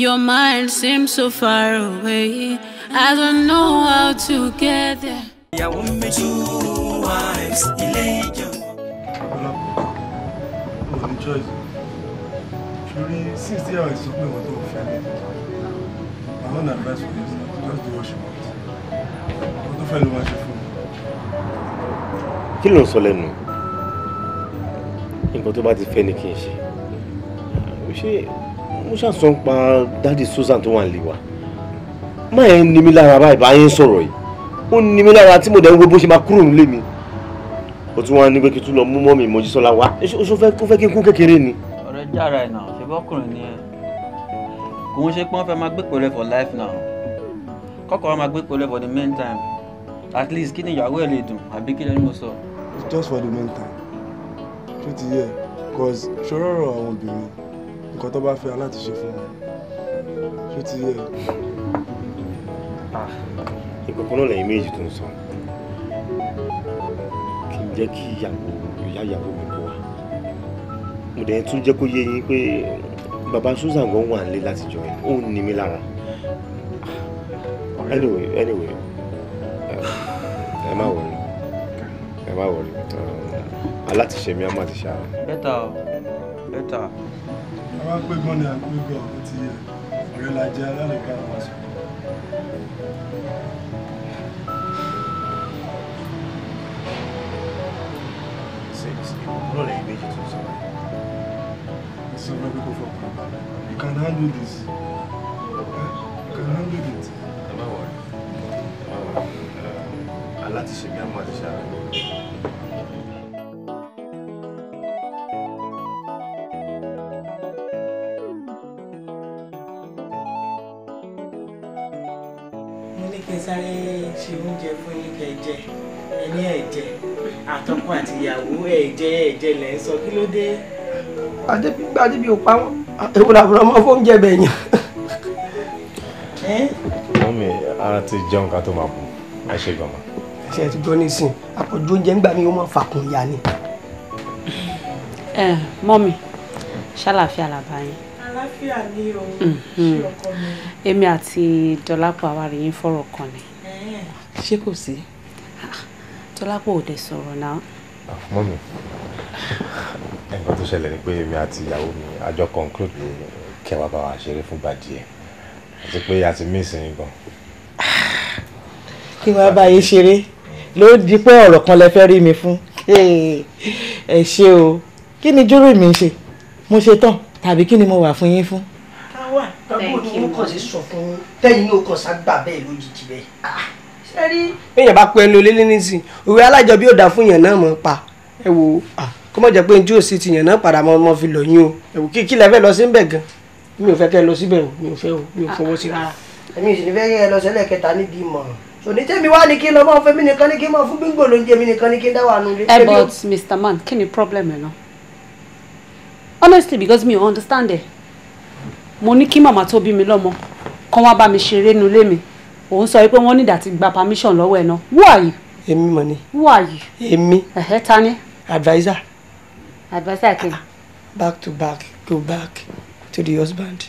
Your mind seems so far away. I don't know how to get there. Yeah, we'll two wives, Elijah ṣọ́ọ̀ṣì ṣorí sixty hours sọ pé wọ́n tó fẹ́ mi my own advice for you is just do what you want wọ́n tó fẹ́ ló máa ṣe kí ló ń sọ lẹ́nu nǹkan tó bá ti fẹ́ ni kí n ṣe ṣé mo ṣàṣọ ń pa dáàdi Susan tó wà ń lè wa máa ń ní mi lára báyìí báyìí ń sọ̀rọ̀ yìí ó ní mi lára tí mo dẹ̀ ń wo ṣe máa kúrò nílé mi o tún wá ní pé kí tún lọ mú mọ́mì Mojísọ́lá wá o ṣe fẹ́ kó fẹ́ kí n kú kékeré ni. ọ̀rẹ́ jára ẹ̀ náà ṣe bọ́kùnrin ni ẹ kò ń ṣe pé wọ́n fẹ́ máa gbé pẹ̀lẹ́ for life now kọ́kọ́ wọn máa gbé pẹ̀lẹ́ for the main time. at least kí ni ìyàwó ẹ̀ lè dùn àbí kí lẹ́nu mo sọ. it's just for the main meantime ṣó ti yẹ cause ṣòrọ̀rọ̀ àwọn obìnrin nǹkan tó bá fẹ́ aláti ṣe fún wọn ṣó ti yẹ. Ah, ìkọ̀kọ̀ náà lẹ́yìn méjì tó ń sọ jẹ́ kí ìyàwó ìyá ìyàwó mi bọ̀ wá mo dẹ̀ tún jẹ́ kó yé yín pé baba susan gan wà nílé látijọ́ yẹn ó ní mi lára anyway anyway ẹ má wọrí ẹ má wọrí alátiṣe mi á má ti ṣe ara. bẹ́tà o bẹ́tà. àwa pé gbọ́n ni àgbégbọ̀ àti ọ̀rẹ́ la jẹ́ alálùkà àwọn aṣọ. sí ọlọ́lẹ̀ yìí méjì tó sọ wáyé. ẹ sọ fún ẹgbẹ́ fọkàn you can handle this you can handle it. ẹ má wọrí ẹ má wọrí alátiṣègbè àmọ́ àti ṣáà. mo ní kí n sáré ṣe oúnjẹ fún yín kẹ́ jẹ ẹ ní ẹ àtọkọ àti ìyàwó ẹ̀jẹ̀ ẹ̀jẹ̀ lẹ̀ ń sọ kí ló dé. adébígbà adébí ò pa wọn èwo làbúrò ọmọ fóúnjẹ bẹ̀ yàn. mọ́mí ara ti jẹun ká tó máa kú ẹ ṣe gbọ́mọ. ṣe ti gbọ́ nísìn àpọ̀jù oúnjẹ ń gbà mí ó máa fàkùn ìyá ni. mọ́mí ṣàlàfíà làbá yín àlàáfíà ni o mhm. ṣe ọkọ mi. èmi àti dọlápọ̀ àwárí yín fọ̀rọ̀ kan ni. ṣé kò sí. Ah, Tọ́lápọ̀ ò dẹ̀ sọ̀rọ̀ náà. Ah, Mọ́ mi, nǹkan tó ṣẹlẹ̀ ni pé èmi àti ìyàwó mi àjọ conclude pé kẹwàá bá wa ṣeré fúngbà díẹ̀ àti pé a ti mí ìsinmi gan. Kí wàá bá yé ṣeré ló di pé ọ̀rọ̀ kan lẹ fẹ́ rí mi fún. Ẹ ṣe o, kí ni jóró mi ń ṣe? Mo ṣe tán tàbí kí ni mo wà fún yín fún? Táwa, tábìlì ni mo kàn sí sọ fún yín, ní o kàn sá gbà bẹ́ẹ̀ lójijì bẹ́ẹ̀ ṣẹ́rí. èèyàn bá pẹ́ ẹnu olélé nísìn òwe alájọ bí ó dà fún yàn náà mọ̀ pa ẹ wo kó mọ̀ jẹ́ pé njó sì ti yàn náà padà mọ́ ọmọ fi lọ o ẹ wò kí kí lọ sí ń gan mi ò fẹ́ kẹ́ lọ síbẹ̀ o mi ò fẹ́ o mi ò fọwọ́ sí rárá. Ah, ah. èmi ìsìn fẹ́ kẹ́ ẹ lọ sẹ́lẹ̀ kẹta nídìí ìmọ̀ràn òní tẹ́mi wá ní kí n lọ máa fẹ́ mí nìkan ní kí n máa fún gbígbò lóúnjẹ mi nìkan ní kí n dá wà nulẹ̀. ẹ eh, but Mr. Man kí ni problem ẹ náà honestly because me ò understand ẹ mo ní kí màmá tó bí mi lọ́mọ kàn wá bá mi ṣeré nulé mi ò ń sọ pé wọ́n nídà ti gba permission lọ́wọ́ ẹ̀ náà who are you. èmi mọ̀ ni. who are you. èmi. ẹ̀hẹ́ ta ni. Advisor. Advisor. kejì. back to back Go back to the husband.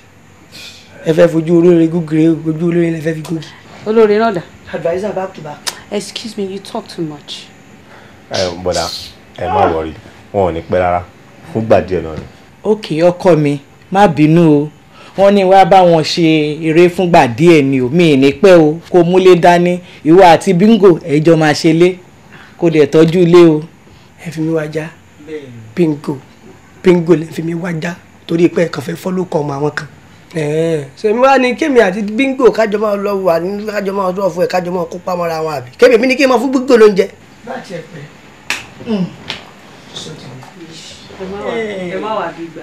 ẹ fẹ́ fojú olóore gúgùrè ojú olóore lẹ fẹ́ fi gúgì. olóore náà dà. adviser back to back. excuse me you talk too much. ẹ bọ̀dà ẹ má wọrí wọn ò ní pẹ́ rárá fúngbà díẹ̀ náà ni. ókè ọkọ mi má bínú o wọ́n ní wá bá wọn ṣe eré fúngbà díẹ̀ ni o mi ì ní pẹ́ o kó múlé dání ìwọ àti bingo ẹjọ́ máa ṣe lé kó dẹ̀ tọ́jú ilé o. ẹ fi mi wá já bingo bingo lè fi mi wá já torí pé ẹ kàn fẹ́ fọ́lù kọ́ ọmọ àwọn kan sèmi wá ní kémi àti bíngò kájọ máa lọ wà ní kájọ máa lọ fún ẹ kájọ máa kópa mọ́ra wọn àbí kémi mi ní kí n máa fún bíngò lóúnjẹ. láti ẹ̀pẹ́ mm. ẹ má wà bí gbà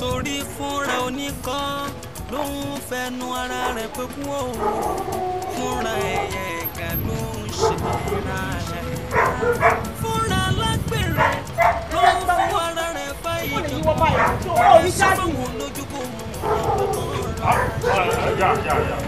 torí fúnra oníkọ́ ló ń fẹnu ara rẹ̀ pé kú òun fúnra ẹ̀yẹ ẹ̀gà ló ń ṣe ra rẹ̀ fúnra lágbèrè ló ń fún ara rẹ̀ báyìí lọ́wọ́ sọ́fún òun lójú kò mú ọ̀rọ̀ tó rọ̀.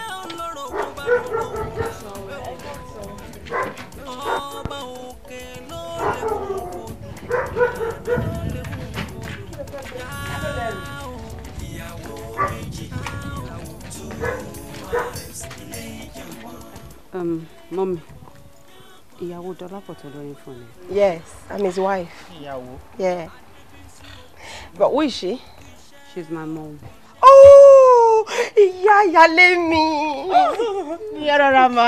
Um, mọ́mi, ìyàwó Dọ́lápọ̀ tó lóyún fún mi. Yes, I'm his wife. Ìyàwó? Yeah. But who is she? She's my mom. Oh, ìyá ìyálé mi. *laughs* Ìyá rárá ma.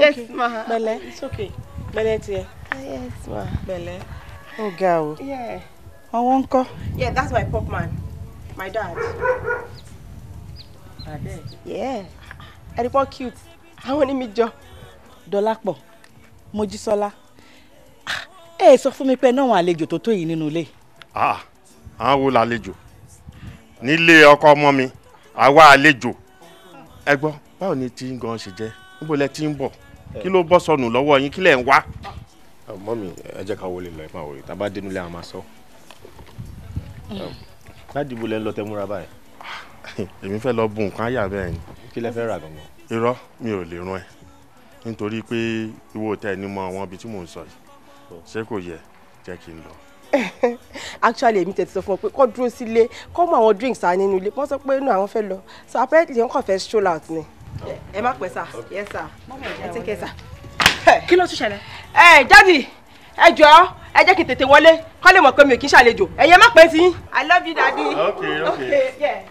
Yes ma. Bẹ̀lẹ̀. It's okay. Oh, Bẹ̀lẹ̀ tiẹ̀. Yes ma. Bẹ̀lẹ̀. Ó ga Yeah. Àwọn ń Yeah, that's my pop man. My dad. Adé. Yeah. Ẹ̀rí pọ́ cute àwọn ní mi jọ Dọlápọ̀ Mojísọ́lá ah, ẹ sọ fún mi pé náà àwọn àlejò tó tó yìí nínú ilé. Ah, àwọn wo làlejò nílé ọkọ ọmọ mi àwa àlejò ẹ gbọ́ báwo ni tí ń gan ṣe jẹ́ níbo lẹ ti ń bọ̀ kí ló bọ́ sọnù lọ́wọ́ yín kí lẹ̀ ń wá. Ah, mọ́mí ẹ jẹ́ ká wọlé lọ ẹ máa wọlé tá a bá dénú ilé àwọn máa sọ. ládìbò lẹ ń lọ tẹmúra báyìí. èmi fẹ́ lọ bu nǹkan ayà bẹ́ẹ̀ ni. kí lẹ fẹ́ rà gangan irọ́ mi ò lè rún ẹ nítorí pé ìwọ tẹ ẹni mọ àwọn ibi tí mò ń sọ yìí ṣé kò yẹ jẹ́ kí n lọ. *laughs* actually èmi tẹ̀ ti sọ fún ọ pé kó dúró sílé kó mú àwọn drinks á nínú ilé wọ́n sọ pé inú àwọn fẹ́ lọ so apparently wọ́n kàn fẹ́ stroll out ni. ẹ má pẹ́ sà yes sà ẹ ti kẹ́ sà. kí ló tún ṣẹlẹ̀. ẹ jáde ẹ jọ̀ọ́ ẹ jẹ́ kí n tètè wọlé kó lè mọ̀ pé mi ò kí ń ṣàlejò ẹ̀yẹ má pẹ́ sí. i love you daddy. okay okay. okay yeah.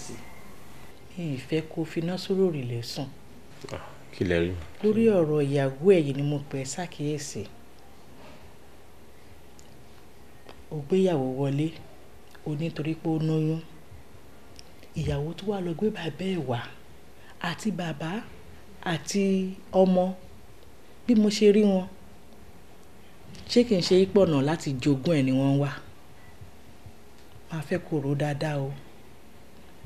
sí. ìfẹ́ kò finá sóró rìlẹ̀ sùn. Ah, kí lẹ rí. lórí ọ̀rọ̀ ìyàwó ẹ̀ yìí ni mo pẹ́ ṣàkíyèsí. ò gbéyàwó wọlé o nítorí pé ó lóyún ìyàwó tó wà lọ gbé bàbá ẹ̀ wá àti bàbá àti ọmọ bí mo ṣe rí wọn ṣé kì í ṣe ipò ọ̀nà láti jogún ẹ̀ ni wọ́n wà máa fẹ́ kó rò dáadáa o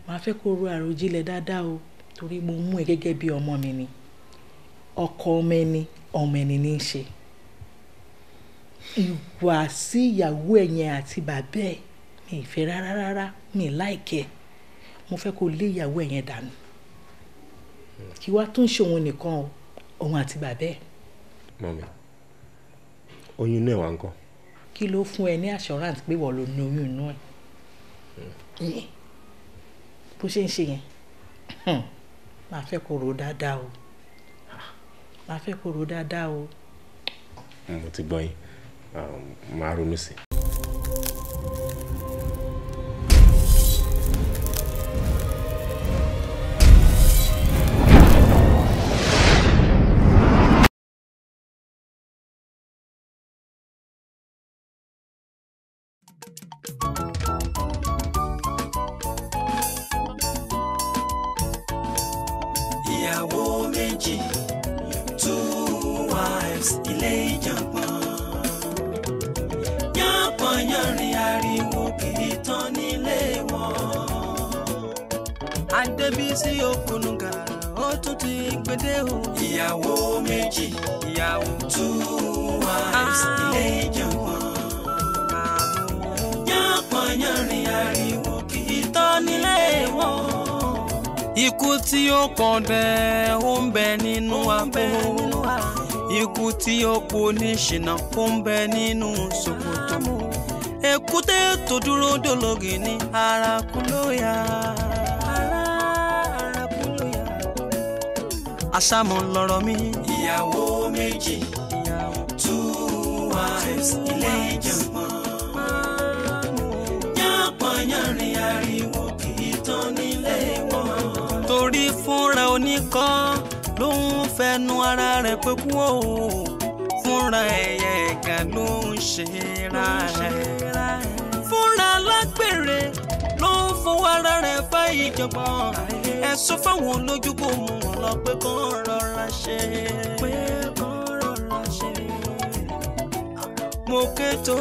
màá fẹ́ kó ro àròjinlẹ̀ dáadáa o torí mo mú ẹ gẹ́gẹ́ bí ọmọ mi ni ọkọ ọmọ ẹni ọmọ ẹni ní í ṣe ìwà sí ìyàwó ẹ̀yẹn àti bàbá ẹ̀ mi ì fẹ́ rárá rárá mi ì láìkẹ́ mo fẹ́ kó lé ìyàwó ẹ̀yẹn dànù kí wàá tún ṣe òun nìkan o òun àti bàbá ẹ̀. mọ̀mí oyún náà wà ń kọ́. kí ló fún ẹ ní assurance pé wọ́n ló ní oyún inú ẹ̀. Hmm bó ṣe ń ṣe yẹn hmm. máa fẹ́ kó ro dáadáa o máa fẹ́ kó ro dáadáa o. Hmm, mo ti gbọ́ yín ah, máa ronú sí i. Débísí Òpónúgà ó tún ti gbédè o. ìyàwó méjì ìyàwó two wives ah. ilé ìjọ̀gbọ́n. yánpọn yánrin ariwo kì í tọ́ wọn. ikú tí ó kàn dẹ̀ ó ń bẹ nínú abẹ́ ikú tí ó po ní ṣìnà ó ń bẹ nínú ṣòkòtò èkúté tó dúró dòlógì ní ara kú àṣàmù lọ̀rọ̀ mi. ìyàwó méjì two wives ilé ìjàngbọ̀n yànpọ̀ yànrin ariwo kì í tán nílé wọn. torí fúnra oníkọ́ ló ń fẹnu ara rẹ̀ pé kú o fúnra ẹ̀yẹ ẹ̀gà ló ń ṣe ra ẹ̀ fúnra alágbèrè ló ń fọwọ́ ara rẹ̀ fá ìjọba ẹ̀sùn fáwọn olójú kò mú lọ pé kó rọra ṣe. pé kó rọra ṣe. mo ké tó.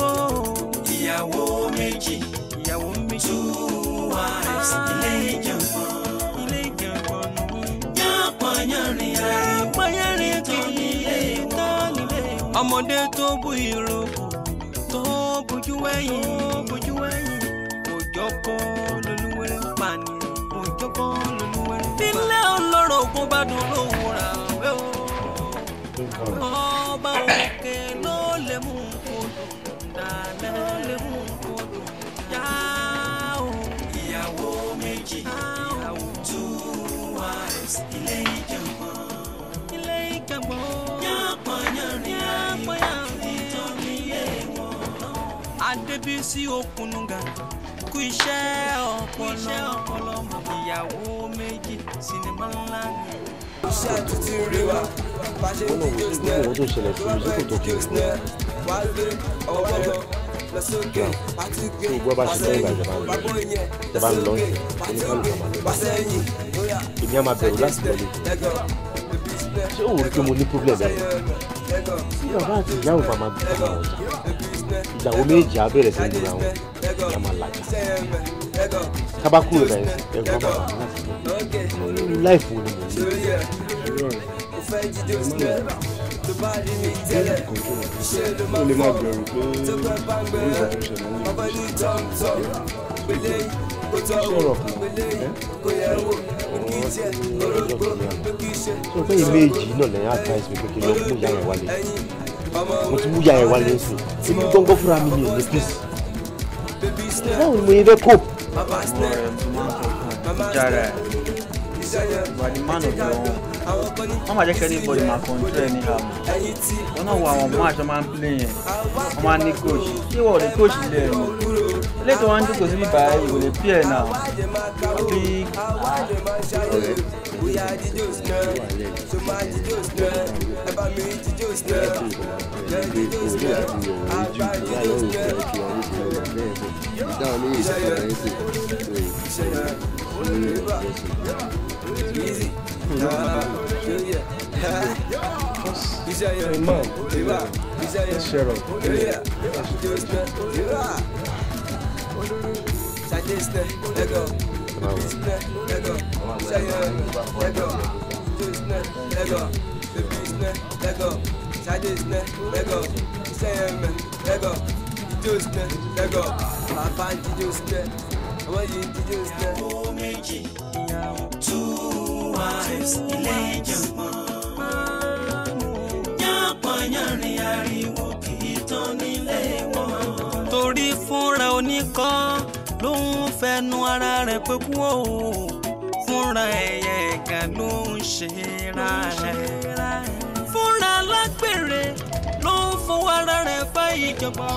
ìyàwó méjì. ìyàwó méjì. two wives. Ah. ilé ìjàngbọ̀n. ilé ìjàngbọ̀n nù. yànpọ̀ yànrin rẹ̀. yànpọ̀ yànrin kì í tán nílé wọn. ọmọdé tó bu ìrókò tó bojú wẹ̀yìn. tó bojú wẹ̀yìn. kò jọ kó gbádùn lóhùn ra wẹ́ o. ọba òkè ló lè mú kodò dàlẹ́ ló lè mú kodò yá o. ìyàwó méjì ìyàwó two wives ilé ìjọ̀gbọ́n. ilé ìjọ̀gbọ́n. yàpọ̀ yàrin àyè kìlítọ́ nílé wọn. Adébísí Òkunúgà kú iṣẹ́ ọpọlọ ìyàwó méjì sinimá ńlá ni. iṣẹ́ títí rí wa bá ṣe ń kí snare rọ́bà ìkí snare wà á gbé ọwọ́ lọ lọ sókè àti gbé pàṣẹ yìí bàbá yẹn lọ sókè pàṣẹ yìí pàṣẹ yìí bóyá ìyá máa bẹ̀rù láti lọ lé ṣé òun rí pé mo ní problem yẹn tí ọba àti ìyá ò bá máa bí ọba ọjà ìyàwó méjì á bẹ̀rẹ̀ sí ní ìlú ìyá máa làjà tabakuru rẹ ẹ̀gbọ́n bàbá mi láti ní láìfò ni mo ní ó lè má bẹ̀rù pé ó ń ṣàtúnṣe lọ́wọ́ sọ̀rọ̀ pé ìméjì náà lẹ́yìn advice mi pé kí n lọ mú ìyá yẹn wálé mo ti wúyà ẹ̀ wá lẹ́sìn èmi gbọ́ngàn fúnra mi ni ò ní pèsè báwo ni mo yẹ fẹ́ kó. ọ̀rọ̀ ẹ̀ tó máa ń tọkàn jára ẹ̀ wà ní mánà bí wọn wọn máa jẹ́ kí anybody máa control ẹni àmọ́ wọn náà wọ àwọn máàṣọ máa ń play yẹn wọn máa ní coach kí wọn ò lè coach ilé ẹ̀ mọ́ ilé tó wọn ń dúkọ̀ síbi báyìí ìwòlè pí ẹ̀ náà àbí yá jíjó sinẹ́ tó máa jíjó sinẹ́ ẹ bá mi jíjó sinẹ́ jẹ́ jíjó sinẹ́ àgbà jíjó sinẹ́. ìdáhùn ní ìṣẹ̀lẹ̀ rẹ̀ ṣe ìṣẹ̀lẹ̀ olùdíbà easy ìṣẹ̀lẹ̀ olùdíbà ìṣẹ̀lẹ̀ olùdíbà jíjó sinẹ́ jíjó sinẹ́ ṣàjẹ́ sinẹ́ ẹ̀gọ́ torí fúnra oníkan ló ń fẹnu ara rẹ̀ pé kú o fúnra ẹ̀yẹ ẹ̀gà ló ń ṣe ra ẹ̀ fúnra lágbèrè ló ń fọwọ́ ara rẹ̀ bá ìjọba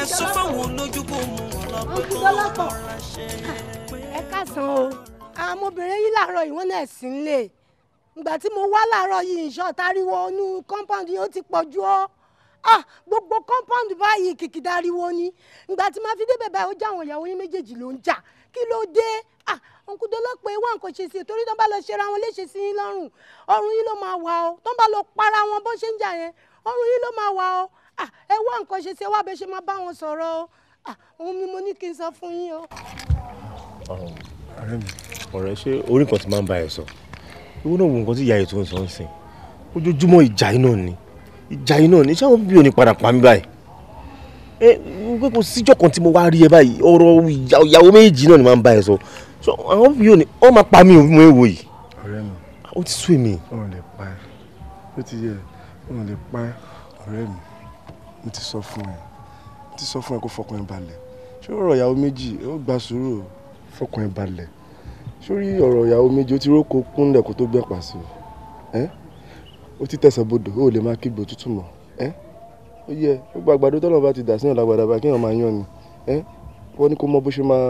ẹ̀sùn fáwọn olójúbò mú ọlọ́pàá tó ń rọra ṣe pé. ẹ káàsán o àwọn obìnrin yìí láàárọ̀ ìwọ́n náà sí ń lè ìgbà tí mo wá láàárọ̀ yìí ìṣọ́ tariwo inú kọ́ńpọ́ǹdì yìí ti pọ̀ ju ọ́ ah gbogbo compound báyìí kìkìdá ariwo ni ìgbà tí màá fi débẹ̀ báyìí ó já àwọn ìyàwó yín méjèèjì ló ń jà kí ló dé ah òǹkùdó ló pé wá nǹkan ṣe sí i torí tó ń bá lọ ṣera wọn léṣe sí yín lọ́rùn ọrùn yín ló máa wà ó tó ń bá lọ para wọn bó ṣe ń jà yẹn ọrùn yín ló máa wà ó ah ẹ wá nǹkan ṣe sí ẹ wá bẹ ṣe máa bá wọn sọ̀rọ̀ ó ah òun ni mo ní kí n sọ fún yín o. ọ̀rẹ́ ṣé orí kan ti máa ń bá ẹ sọ ìwọ náà wo nǹkan tí ìyá ètò ń sọ ń sìn ojoojúmọ́ ìjà iná ni ìjà yìí náà ní sáwọn bí òní padà pa mí báyìí ẹ pé kò síjọ́ kan tí mo wá rí ẹ báyìí ọ̀rọ̀ ìyàwó méjì náà ni máa ń bá ẹ sọ so àwọn bí òní ọ máa pa mí òun èwo yìí. ọ̀rẹ́ mi ó ti sú èmi. wọn lè pa ẹ ó ti yẹ wọn lè pa ẹ ọ̀rẹ́ mi mo ti sọ fún ẹ mo ti sọ fún ẹ kó fọkàn ẹ balẹ̀ ṣé ọ̀rọ̀ ìyàwó méjì ó gba sùúrù fọkàn ẹ balẹ̀ sórí ọ̀rọ̀ ìyàwó méjì ó ti rókò kúnlẹ̀ kó tó gbẹ̀pà sí i ó ti tẹ̀sán bodò ó lè máa kígbe òtútù mọ́ ẹ́ ó yẹ gbogbo àgbàdo tọ́lọ̀ bá ti dà síyàn lágbàdà bá kéèyàn máa yàn ni ẹ́ wọ́n ní kó mọ bó ṣe máa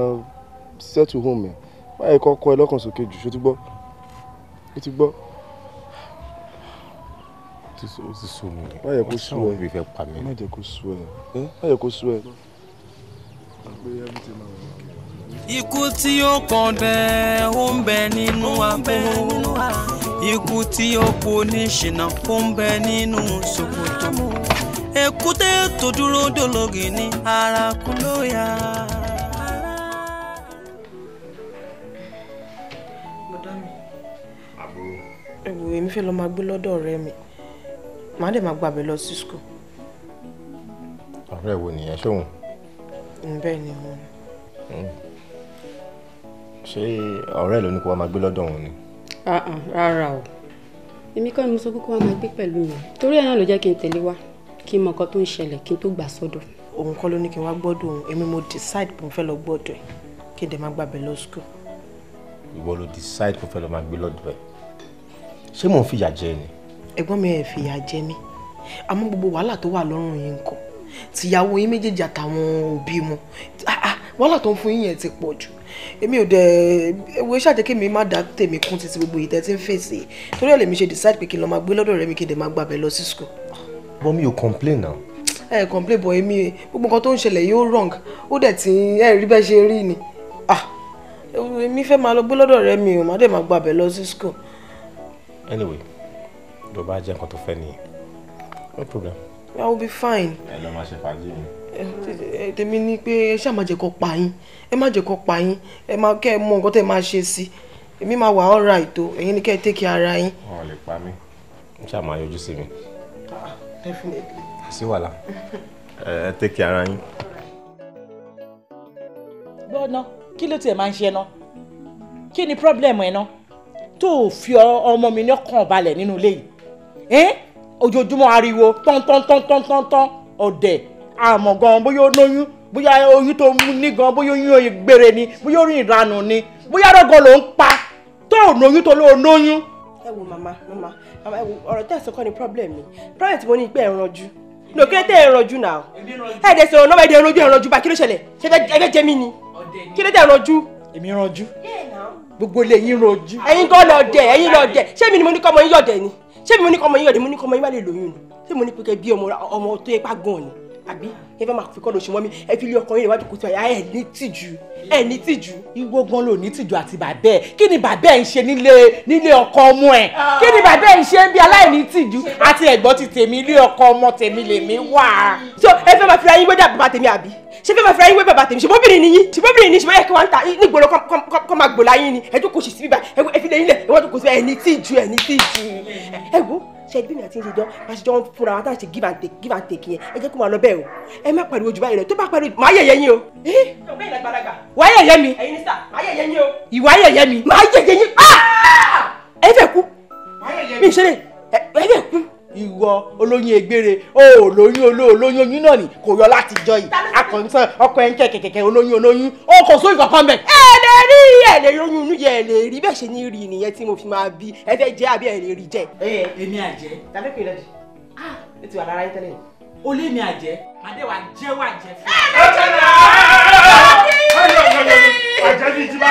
settle home ẹ̀ báyìí kọ́ kọ́ ẹ lọ́kàn sókè jù ṣó ti gbọ́ ó ti gbọ́. ó ti sọ mi má yẹ kó sú ẹ má yẹ kó sú ẹ má yẹ kó sú ẹ. ikú tí ó kàn dẹ́ ó ń bẹ nínú abẹ́ ikuti tí ó kú oníṣìnà kó ń ekute nínú ṣòkòtò èkúté ara kulo ya. yá. mi ẹ̀wò èmi fẹ́ lọ máa gbé lọ́dọ̀ ọ̀rẹ́ mi màá dẹ̀ máa gbàgbé school. wo ni òun. Hmm. ṣé ni. Ah, ah, rárá o èmi kọ́ ni mo sọ pé kó wá máa gbé pẹ̀lú mi torí ẹ̀ náà ló jẹ́ kí n tẹ̀lé wa kí n mọ nǹkan tó ń ṣẹlẹ̀ kí n tó gbà sọ́dọ̀. òun kọ́ ló ní kí n wá gbọ́dọ̀ òun èmi mo decide pé mo fẹ́ lọ gbọ́dọ̀ ẹ̀ kí n dẹ̀ máa gbàbẹ̀ lọ school. ìwọ ló decide pé mo fẹ́ lọ máa gbé lọ́dọ̀ ẹ̀ ṣé mò ń fìyà jẹ ni. ẹ̀gbọ́n mi ẹ̀ fìyà jẹ mí àmọ́ gbogbo wàhálà tó wà lọ́rùn yìí ńkọ́ tìyàwó yín méjèèjì àtàwọn òbí wọn ah, wàhálà tó ń fún yín yẹn ti pọ̀ jù èmi ò We ewu iṣẹ́ àjẹkẹ́ mi má dá tèmi kún títí gbogbo yìí tẹ́tí ń fèsì torí ẹ̀ lèmi ṣe decide pé kí n lọ máa gbé lọ́dọ̀ rẹ̀ mi kí n dẹ̀ máa gbàbẹ̀ lọ sí school. bọ́ mi ò complain now. Eh, complain boy. èmi gbogbo nǹkan tó ń ṣẹlẹ̀ wrong ó dẹ̀ ti ẹ rí bẹ́ẹ̀ ṣe rí ni ah, èmi fẹ́ máa lọ gbé lọ́dọ̀ rẹ̀ mi ò má dẹ̀ máa gbàbẹ̀ lọ sí school. anyway do bá jẹ́ nǹkan tó fẹ́ nìyẹn no problem. I will be fine. ẹ lọ máa ṣe fàájì mi tèmi ni pé ẹ ṣáà má jẹ́ kó pa yín ẹ má jẹ́ kó pa yín ẹ má kẹ́ ẹ mọ nǹkan tẹ́ máa ṣe sí èmi máa wà ọ̀rà ètò ẹ̀yin ni kẹ́ ẹ tẹ́kì ara yín. wọn ò lè pa mí n ṣáà máa yọjú sí mi. sí wàhálà ẹ tẹ́kì ara yín. gbọ́dọ̀ kí ló tiẹ̀ máa ń ṣe ná kí ni pírọ́blẹ̀mù ẹ̀ ná tó o fi ọmọ mi ní ọkàn balẹ̀ nínú ilé yìí ojoojúmọ́ ariwo tán ọ̀dẹ̀ àmọ́ gan bóyá ó lóyún bóyá oyún tó mú ní gan bóyá oyún oyin gbére ni bóyá orin ìranù ni bóyá rọgọ ló ń pa tó ò lóyún tó ló lóyún. ẹ wo màmá màmá màmá ẹ wo ọ̀rọ̀ tẹ̀sán kọ́ ni problem mi problem tí mo ní pé ẹ̀ ranjú no kí ló tẹ ẹranjú náà ẹ dẹ sọ̀rọ̀ náà ẹ dẹ ẹranjú ẹranjú bá kí ló ṣẹlẹ̀ ṣe fẹ́ jẹ mí ni kí ló tẹ ẹranjú. èmi ranjú gbogbo ilé yín ranjú. ẹ̀yin gan lọ dẹ ẹ̀yin lọ dẹ ṣé mi ni mo ní kọ́ ọmọ yín yọ̀dẹ̀ ni ṣé mi ni mo ní kọ́ ọmọ yín yọ̀dẹ̀ mo ní kọ́ ọmọ yín má lè lóyún ni ṣé mo ní pé kẹ́ bí ọmọ tó yẹ pa gan ni àbí ẹ fẹ́ máa fi kọ́dọ̀ ṣe mọ́ mi ẹ fi lé ọkọ yín níwájú kùtù àyà ẹ ní tìjú ẹ ní tìjú. ìwọ gan ló ní tìjú àti bàbá ẹ kí ni bàbá ẹ ń ṣe nílé nílé ọkọ ọmọ ẹ kí ni bàbá ẹ ń ṣe bí aláìní tìjú àti ẹ̀gbọ́n ti tèmi ilé ọkọ ọmọ tèmi lèmi wà. so ẹ fẹ́ máa fi ayé wé dàbí bàbá tèmi àbí ṣe fẹ́ máa fi ayé wé bàbá tèmi ṣùgbọ́n ni yín ṣùgbọ́n ni ṣùgbọ́n yẹ kí wọ́n ta nígboro kọ́ máa gbòòlà yín ni ẹ jókòó sì sí bíbá ẹ fi lè yín lẹ̀ ẹ wọ́n jókòó sí ẹ ní tìjú ẹ ní tìjú ẹ wo ṣe ẹbí mi àti ìṣe jọ bá ṣe jọ ń fúnra wa táà ṣe give and take give and take yẹn ẹ jẹ́ kó máa lọ bẹ́ẹ̀ o ẹ má pariwo jù báyìí rẹ tó bá pariwo jù máa yẹ̀yẹ́ yín o. ọ̀gbẹ́ ìlà gbalaga. wàá yẹ̀yẹ́ mi. ẹ̀yin nísà máa yẹ̀yẹ́ yín o. ìwà yẹ̀yẹ́ mi. máa yẹ̀yẹ́ yín. Ah! ẹ fẹ́ kú. máa yẹ̀yẹ́ mi. mi ìṣeré ẹ fẹ́ kú ìwọ olóyún egbére o lóyún olóyún olóyún oyún náà ni kò yọ láti jọ yìí akọ̀ǹsán ọkọ̀ ẹ̀ ń kẹ̀ kẹ̀kẹ̀ olóyún olóyún o kò sóyún kankan bẹ̀. ẹ lè rí ẹ lè lóyún inú yẹ ẹ lè rí bẹ́ẹ̀ ṣe ní rí nìyẹn tí mo fi máa bí ẹ fẹ́ jẹ́ àbí ẹ lè rí jẹ. ẹ èmi àjẹ tàbí kò jù ah ètò àlàra yín tẹ́lẹ̀ o mi àjẹ màdé wa jẹ́ wà jẹ́ fún mi. ẹ jẹ́ náà àjẹbí ti bá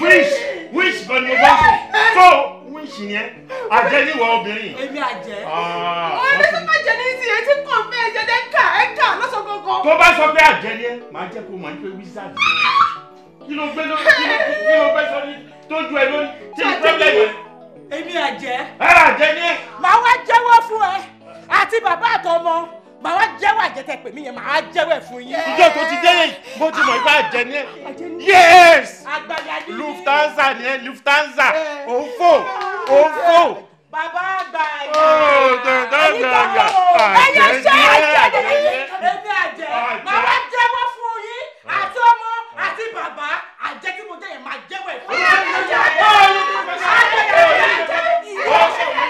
wíṣ wíṣ bẹ̀rù mo bá sùn tó wíṣ yẹn àjẹbí wọ obìnrin. èmi àjẹ. ọ̀rẹ́ tó bá jẹ ah, ní ti etí kàn fẹ́ ẹ̀jẹ̀ dẹ́ ká ẹ̀ ká lọ́sọ̀ gbọ̀ngàn. tó bá sọ pé àjẹ ni ẹ máa jẹ́ kó mọ̀ ní pé wizard kí ló gbé lórí kí ló kí ló gbé sórí tó ju ẹ lórí tí mo ni ẹ. màá wá jẹ́wọ́ fún ẹ àti bàbá àtọmọ màá wá jẹ́wọ́ àjẹtẹ̀ pè mí yẹn màá jẹ́wọ́ ẹ̀ fún yín. ìjọ tó ti délé mo ti mọ̀ ipá àjẹ ni ẹ yes lufthansa ni ẹ lufthansa òun fò òun fò. bàbá àgbà àyà ẹyẹ ṣe àjẹ yìí oh, èmi àjẹ màá wá jẹ́wọ́ fún yín ah. àti ọmọ àti bàbá àjẹ tí mo jẹ yẹn màá jẹ́wọ́ ẹ̀ fún yín. Oh,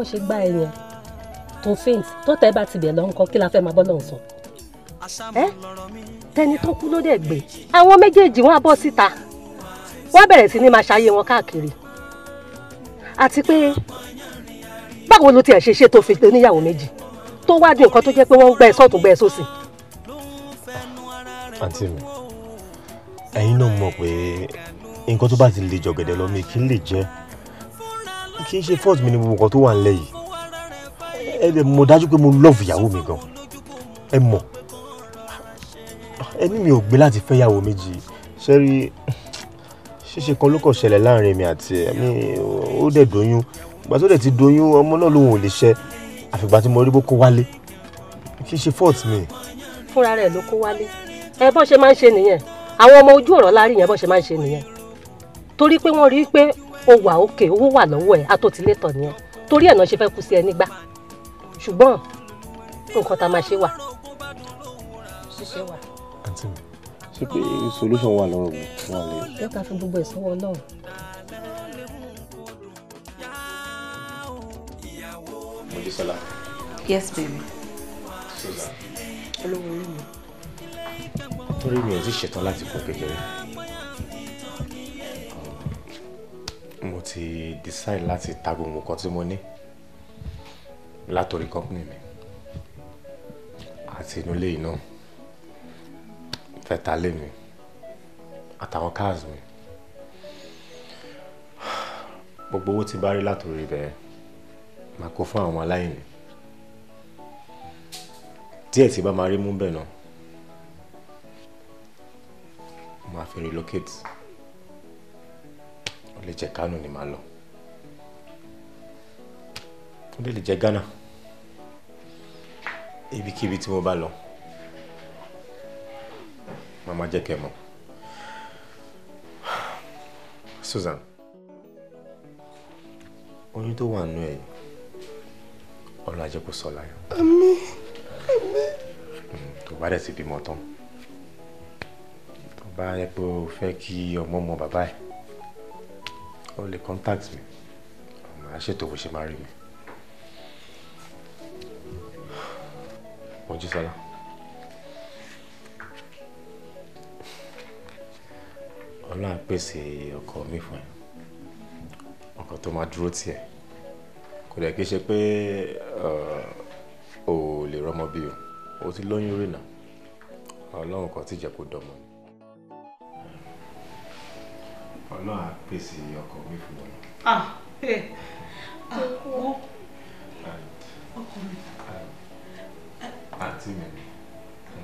wọ́n ṣe gbá ẹ yẹn tó faint tó tẹ́ bá ti bẹ̀ lọ nǹkan kí la fẹ́ máa bọ́ lọ́hùn sùn. ẹ tẹni tó kú ló dẹ̀ gbé àwọn méjèèjì wọn á bọ́ síta wọ́n á bẹ̀rẹ̀ sí ní máa ṣayé wọn káàkiri àti pé báwo ló tiẹ̀ ṣe ṣe tó fi níyàwó méjì tó wá di nǹkan tó jẹ́ pé wọ́n ń gbẹ́ sọ́ọ̀tún gbẹ́ sósì. àǹtí mi ẹ̀yin náà mọ̀ pé nǹkan tó bá ti le jọ̀gẹ̀dẹ̀ lọ mi kì í lè jẹ́ kì í ṣe fault mi ni gbogbo nǹkan tó wà nílẹ̀ yìí ẹ ẹ mo dájú pé mo love ìyàwó mi gan ẹ mọ̀ ẹni mi ò gbé láti fẹ́ ìyàwó méjì ṣe rí ṣíṣe kan ló kàn ṣẹlẹ̀ láàrin mi àti ẹ̀mí ó dẹ̀ doyún ìgbà tó dẹ̀ ti doyún ọmọ náà lòun ò lè ṣe àfìgbà tí mo rí bó kó wálé kì í ṣe fault mi. fúnra rẹ̀ ló kó wálé ẹ bọ́ ṣe máa ń ṣe nìyẹn àwọn ọmọ ojú ọ̀rọ̀ láàrin yẹn bọ́ ṣe máa ń ṣe nìyẹn torí pé wọ́n rí i pé ó wà òkè owó wà lọ́wọ́ ẹ̀ àtòtílétọ̀ nìyẹn torí ẹ̀ náà ṣe fẹ́ kú sí ẹ nígbà ṣùgbọ́n nǹkan tá a máa ṣe wà ṣiṣẹ́ pé solution wà lọ́rùn mi wà lè. ẹ ká fi gbogbo ìsanwó Ọlọ́run. Mojísọ́lá. yes baby. olówó orí mi. torí mi ò ti ṣetán láti kún kékeré. mo ti decide láti ta gbogbo nǹkan tí mo ní látòrí company mi àti inú ilé yìí náà fẹ́ ta lé mi àtàwọn cars mi gbogbo owó tí bá rí látòrí bẹ́ẹ̀ máa kó fún àwọn aláìní díẹ̀ tí bá máa rí mú bẹ́ẹ̀ náà máa fi relocate ó lè jẹ́ Kánò ni màá lọ ó lè lè jẹ́ Ghana ibikíbi tí mo bá lọ màmá jẹ́ kẹ́ mọ̀ Susan oyún tó wà nínú ẹ ọlọ ajẹ kò sọ láyọ̀. àmín àmín. tó bá dẹ̀ ti bímọ tán tó bá yẹ pé o fẹ́ kí ọmọ mọ bàbá ẹ̀ o lè contact mi màá ṣètò bó ṣe máa rí mi. Mojísọ́lá. Ọlọ́run pèsè ọkọ mi fún ẹ ọkọ tó máa dúró tiẹ̀ kò dẹ̀ kí ṣe pé o lè rọ́mọ bí o o ti lóyún rìnà Ọlọ́run kan ti jẹ́ kó dọ́mọ ni ọlọ́run á pèsè ọkọ mi fún wọn. ah ọkọ ọkọ mi. àǹtí mi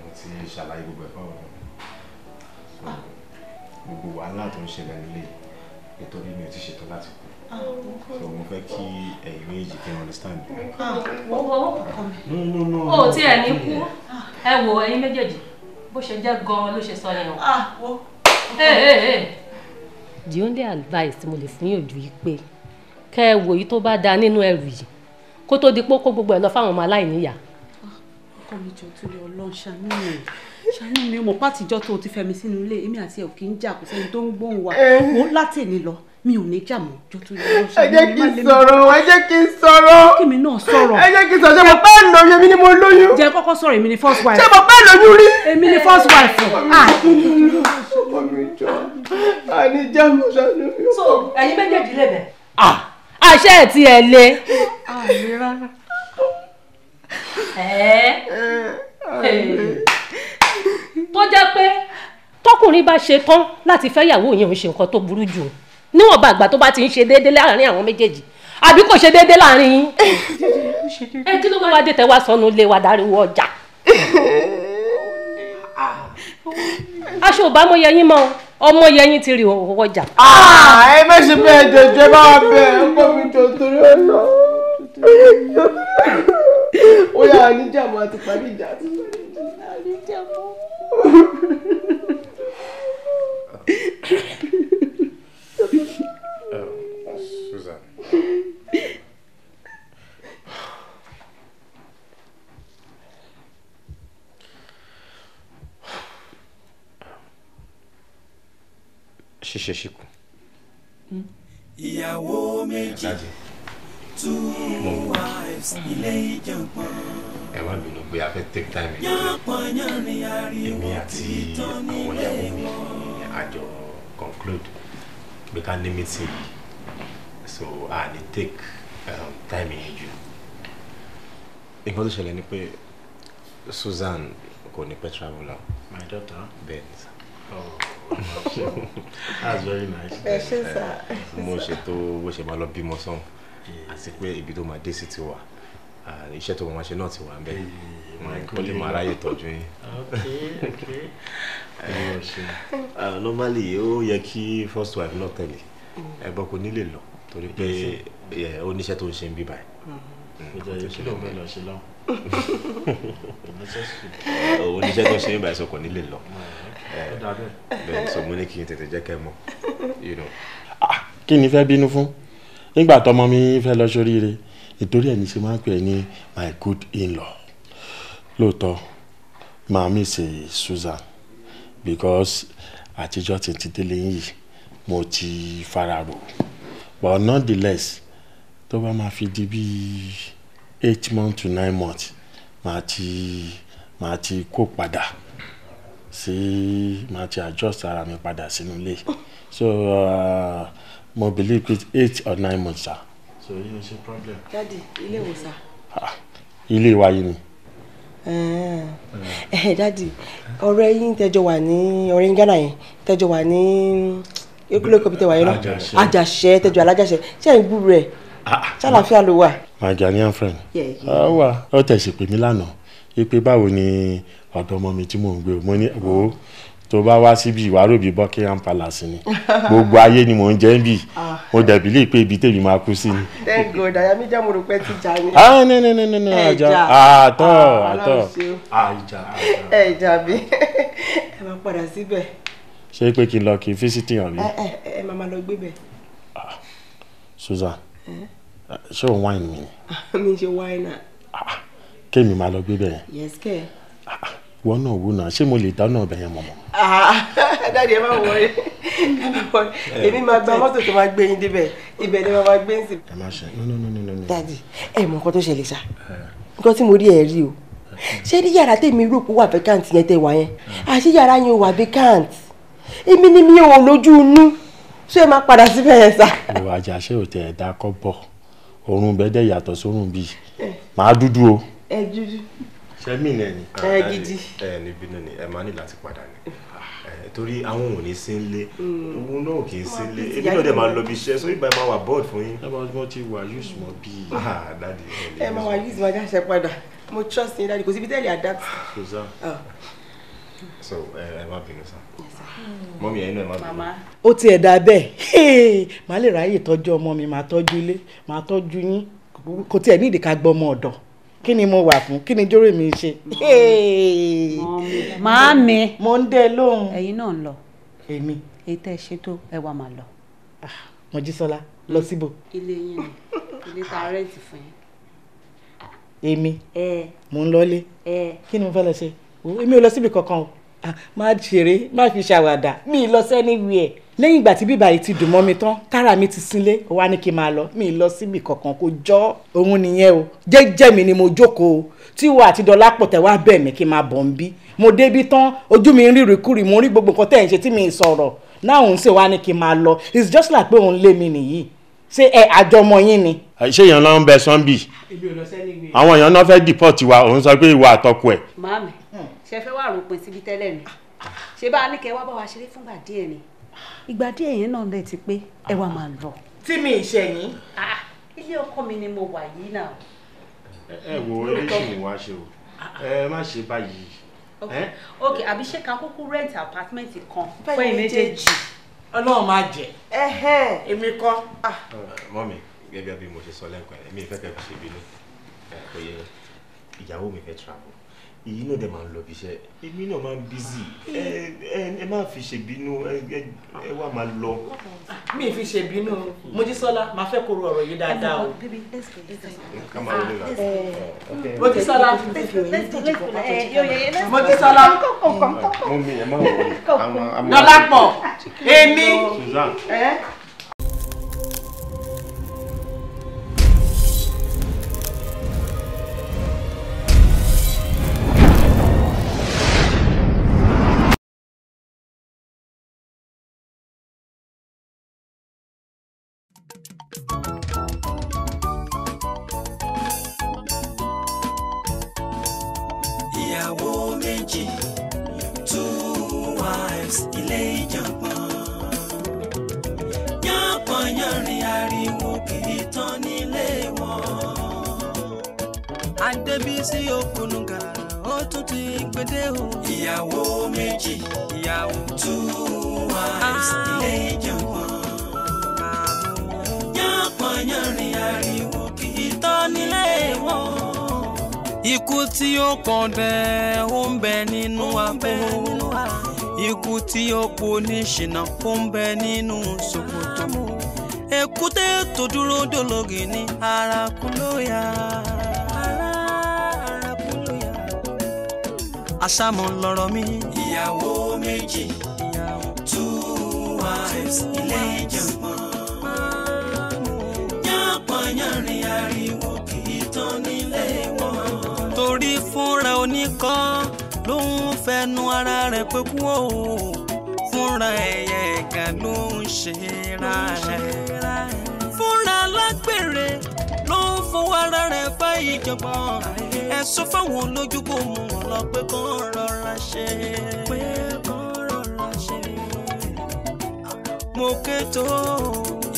mo ti ṣàlàyé gbogbo ẹ̀ fáwọn ọmọ mi ah. gbogbo wàhálà tó ń ṣẹlẹ̀ nílé nítorí mi ò ti ṣetán láti kú ah, so mo fẹ́ kí ẹ̀yin méjì kí n understand. wọ́n wọ́n ọkọ mi o tí ẹ̀ ní kú ah. ẹ wo ẹ̀yin méjèèjì bó ṣe jẹ́ gan-an ló ṣe sọ yẹn o the only advice mo lè fún yòjú yìí pé kẹ́ ẹ wò yìí tó bá da nínú ẹrù yìí kó tó di pé kó gbogbo ẹ̀ lọ fáwọn ọmọ aláìníyà. ọkọ mi jọ tó lè Ọlọ́run ṣàánú mi ṣàánú mi mo pàtìjọ tó o ti fẹmi sínú ilé èmi àti ẹ ò kì í jà kò sẹ́ni tó ń gbóhùn wa eh. mo láti èmi lọ mi ò ní jà mọ́ jọ tó lè Ọlọ́run ṣàánú mi má lè mi. ẹ jẹ́ kí n sọ̀rọ̀ ẹ jẹ́ kí n sọ̀rọ̀ kí mi náà sọ̀rọ̀ ẹ jẹ́ kí n sọ̀rọ̀ ṣé mo pẹ́ lóyún èmi ni àní jẹ́mu ṣàánú mi. so ẹ̀yin méjèèjì lè bẹ̀. Ah, àṣẹ ẹ̀ ti ẹ̀ lé. àmì ah, rárá. Eh, eh, eh, tó jẹ́ pé tọkùnrin bá ṣe tán láti fẹ́ yàwó yẹn ò ṣe nǹkan tó burú jù níwọ̀nba àgbà tó bá ti ń ṣe déédéé láàrin àwọn méjèèjì àbí kò ṣe déédéé láàrin yín. ẹ *laughs* kí ló wá dé tẹ wá sọnù lé wa dariwo ọjà. *laughs* Ah. aṣọ ò bá mọ yẹ yín mọ́ o ọmọ yẹyin ti rí ọwọ́ ọjà. Ah, ẹ méjì bẹ́ẹ̀ jẹjẹ máa bẹ ọkọ mi jọ torí ọ̀nà ó yà á níjà mọ́ àti parí ìjà àti parí ìjà mọ́. Susan. ṣíṣe ṣìkù. ìyàwó méjì two wives mm. ilé ìjọ̀gbọ́n. ẹ má bínú pé a fẹ́ take time yìí. yọ̀pọ̀ yànrin ariwo èmi àti àwọn ìyàwó mi àjọ conclude pé ká ní meeting so a ní take um, time yìí jù. nǹkan tó ṣẹlẹ̀ ni pé Susan kò ní pẹ́ travel now. my daughter. bẹ́ẹ̀ ni sir. Oh. *laughs* that's very nice. ẹ ṣe sá. mo ṣètò bó ṣe máa lọ bímọ sàn àti pé ibi tó máa dé sí ti wà iṣẹ́ tó máa ṣe náà ti wà ń bẹ̀ kó hmm, lè máa ráyè tọ́jú yín. *laughs* *laughs* normally ó yẹ kí first wife náà tẹ̀lé hmm. ẹ̀gbọ́n kò ní lè lọ torí pé ó níṣẹ́ tó ń ṣe ń bí báyìí. ìjà hmm. yìí kí ló ń bẹ lọ ṣe lọ́hùn. oníṣẹ́ tó ṣe ń báyìí sọ kò ní lọ bẹ́ẹ̀ sọ mo ní kí n tètè jẹ́ kẹ́ mọ̀ ah, kí ni fẹ́ bínú fún nígbà tọmọ mi fẹ́ lọ sóríire ìtorí ẹ̀ ní ṣe máa ń pè ní my good in-law lóòótọ́ màá mi ṣe Susan because àtijọ́ ti ti délé yìí mo ti fara rò but nonetheless tó bá máa fi di bíi eight months to nine months màá ti màá ti kó padà tí màá ti adjust ara mi padà sínú ilé so uh, mo believe it eight or nine months sir. so you ni ṣe problem. dadi ilé wo sá. Ah, ilé wa yìí ni. ẹ eh, eh, dadi ọ̀rẹ́ yín tẹjọ wà ní ọ̀rẹ́ yín Ghana yẹn tẹjọ wà ní ekule kọbi tẹwà yẹn náà àjàṣe tẹjọ alájàṣe ṣé ẹ ń gbúrú ẹ ah, ah. ṣàlàfíà ló wà. my Ghanaian friend ọ wà ọ tẹ̀sí pè lánàá wípé báwo ni ọ̀dọ̀ ọmọ mi tí mò ń gbé o mo ní wò ó tó bá wá síbi ìwáròbí buckingham palace ni *laughs* gbogbo ayé ni mò ń jẹ́ bí ah. mo dẹ̀bi lè pé ibi tèmi máa kú sí ni. *laughs* thank god àyà mi jẹ́ mo rò pé ti jà ní. ah no no no no no àjà àtọ̀ ah, àtọ̀ àjà. Ah, ẹ ìjà bí *laughs* ẹ máa padà síbẹ̀. ṣé pé kí n lọ kí n físítì hàn mí. ẹ máa máa lọ gbé bẹ̀. susan ṣé o wáìnì mi mi ṣe wáìnì. kémi máa lọ gbé bẹ̀ yẹn. kẹ́ ẹ wọn náà wò náà ṣé mo lè dáná ọbẹ̀ yẹn mọ̀mọ́. Ah, *laughs* dáàdi ẹ má wọrí ẹ má *laughs* wọrí èmi máa gba mọ́tò tó máa gbé yín débẹ̀ ibẹ̀ ni màá gbé yín sí. ẹ má ṣe no no no no no. dáàdi ẹ mọ nǹkan tó ṣẹlẹ̀ ṣá nǹkan tí mo rí ẹ rí o ṣé ní yàrá tèmi rò pé wà vacant yẹn tẹ wà yẹn àṣé yàrá yẹn wà vacant èmi ni mi ò lójú inú ṣé ẹ máa padà síbẹ̀ yẹn sá. ìwà àjàṣe ò tẹ̀ ẹ̀dá kọ́ bọ̀ òórùn bẹ́ẹ̀ dẹ̀ yàtọ̀ sórùn bíi màá dúdú o. ẹ dúdú ṣe mí nẹ ni. ẹ ah, gidi. ẹ níbi náà ni ẹ máa ní láti padà ni ah, torí àwọn ò ní sí ń lé hmm. owó náà kì í sí ń lé ebi náà dẹ̀ máa lọ bí iṣẹ́ sórí ìgbà ẹ máa wà bọ́ọ̀d fún yín. ẹ máa wọ́n ti wà yóò sùn mọ́ bíi. ẹ máa wà yóò sùn mọ́ ajá ṣe padà mo trust yín dáadé kò síbi tẹ́lẹ̀ adapt. kò sá ah. so ẹ má bínú sá hmm. mọ́mí ẹ̀yin náà ẹ má bínú. ó tiẹ̀ dà bẹ́ẹ̀ màá lè ráyè tọ́jú ọmọ mi màá tọ́jú ilé màá tọ́jú yín kò tiẹ̀ ní ìdíkà gbọ́ ọmọ ọ̀dọ̀ kí ni mo wà fún kí ni jórè mi ṣe. màámi. mo ń dẹ lóhùn. ẹ̀yin náà ń lọ. èmi. èyí tẹ́ ẹ ṣètò ẹ wà máa lọ. Ah, Mojísọ́lá lọ síbò. ilé yín ni ilé ta rẹ́ǹtì fún yín. èmi. mo ń lọlé. kí ni mo fẹ́ lọ ṣe èmi ò lọ síbi kankan o Ah, má ṣeré má fi ṣàwàdà mi lọ sẹ́ni wíẹ̀. lẹ́yìn ìgbà tí bíbá yìí ti dùn mọ́ mi tán tára mi ti sinlé ó wá ní kí n máa lọ mi lọ síbi kankan kó jọ́ òun nìyẹn o jẹ́jẹ́ mi ni mo jókòó tí wo àti dọ́là pọ̀tẹ́ wá bẹ̀ mí kí n máa bọ̀ ń bí mo débi tán ojú mi ń rí rìkúrì mo rí gbogbo nǹkan tẹ́ ń ṣe tí mi ń sọ̀rọ̀ náà òun sì wá ní kí n máa lọ it's just like pé òun lé mi nìyí ṣé ẹ àjọmọ yín ni. ṣé èèyàn ló ń bẹ sunbi àwọn èèyàn náà fẹ́ dìpọ́tì wa òun sọ pé ìwà àtọkù ẹ̀. màámi ṣe fẹ́ wà ròpin síbi tẹ́lẹ̀ ni ṣe bá a ní kẹ́ wá bá wa ṣeré fúngbà díẹ̀ ni. ìgbà díẹ̀ yẹn náà lè ti pé ẹ wá máa lọ. tí mi ìṣẹ̀yìn. Ah, ilé ọkọ mi ni mo wà yìí náà. ẹ wo eléṣin wa ṣe o ẹ má ṣe báyìí. ok àbí ṣé ká kúkú rent apartment kan fún ẹ méjèèjì. ọlọ́run máa jẹ. èmi kọ́. Ah. mọ́mi gẹ́gẹ́ bí mo ṣe sọ lẹ́kọ̀ọ́ ẹ̀mí ìfẹ́ kẹ́kọ̀ọ́ ṣe bínú ìyàwó mi fẹ́ travel èyí náà dẹ̀ máa ń lọ bí iṣẹ́ èmi náà máa ń bízì ẹ ẹ ẹ má fi ṣèbínú ẹ ẹ ẹ wà máa lọ. mi ì fi ṣèbínú Mojísọ́lá máa fẹ́ kóró ọ̀rọ̀ yìí dáadáa o. Mojísọ́lá Mojísọ́lá Dọ́lápọ̀ èmi. Eh? Débísí òkùnù gàrà ó tún ti gbédè o. ìyàwó méjì ìyàwó two wives ah. ilé ìjọ̀gbọ̀n. yánpọ̀n yánrin ariwo kì í tọ́ nílé wọn. ikú tí ó kàn dẹ̀ ó ń bẹ nínú abẹ́ ikú tí ó po ní ṣìnà ó ń bẹ nínú ṣòkòtò èkúté tó dúró dòlógì ní ara kú lóyà. àṣàmọ̀ lọ̀rọ̀ mi. ìyàwó méjì two wives ilé ìjàngbọ̀n yànpọ̀ yànrin ariwo kì í tán nílé wọn. torí fúnra oníkọ́ ló ń fẹnu ara rẹ̀ pé kú o fúnra ẹ̀yẹ ẹ̀gà ló ń ṣe ra ẹ̀ fúnra lágbèrè ló ń fowó ara rẹ̀ fá ìjọba ẹ sọ fáwọn olójú kò mú wọn lọ pé kó rọra ṣe. pé kó rọra ṣe. mo ké tó.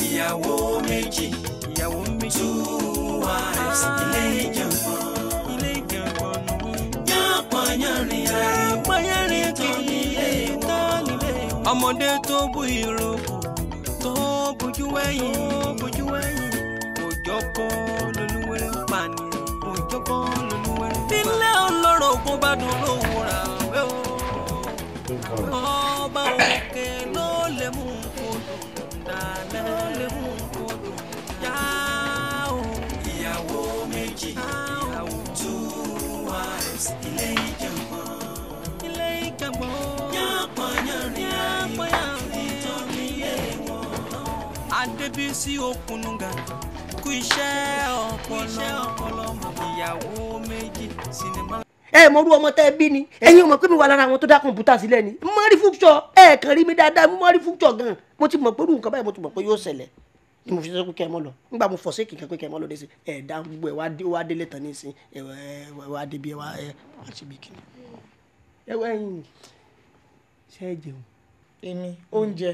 ìyàwó méjì ìyàwó méjì two wives ah. ilé ìjàngbọ̀n. ilé ìjàngbọ̀n nù. yánpọ̀ yánrin ayé. yánpọ̀ yánrin kì í tán nílé. ọmọdé tó bu ìrókò tó bujú wẹ̀yìn ọkọ̀ lolúwẹ̀rẹ̀ ń pa ni òjọ́kọ̀ lolúwẹ̀rẹ̀ ń pa. nílẹ̀ ọlọ́rọ̀ ògùn bá dùn lóhùn ra ọ̀wẹ́ o. ọba òkè ló lè mú kodò dàlẹ́ ló lè mú kodò yá o. ìyàwó méjì ìyàwó two wives ilé ìjàngbọ̀n. ilé ìjàngbọ̀n. yánpọ̀ yánrin àyè ìtọ́ni ilé wọn. adébísí òkúnnúgà kú iṣẹ́ ọpọlọ ìyàwó méjì sinimá. ẹ mọ orú ọmọ tẹ bí ni ẹ̀yin ọmọ pé mi wà lára àwọn tó dá kọ̀ǹpútà sílẹ̀ ni mo rí fúkṣọ ẹ kàn rí mi dáadáa mo rí fúkṣọ gan mo ti mọ̀ pé irú nǹkan báyìí mo ti mọ̀ pé yóò ṣẹlẹ̀ ni mo fi sọ pé kẹ mọ lọ nígbà mo fọ sí kíkan pé kẹ mọ lọ dé sí ẹ dá gbogbo ẹ wá dé wá délé tán ní ìsìn ẹ wá dé bí ẹ wá ẹ wá ṣe bí kíni. ẹ wẹ́yìn ṣe é jẹun. èmi oúnjẹ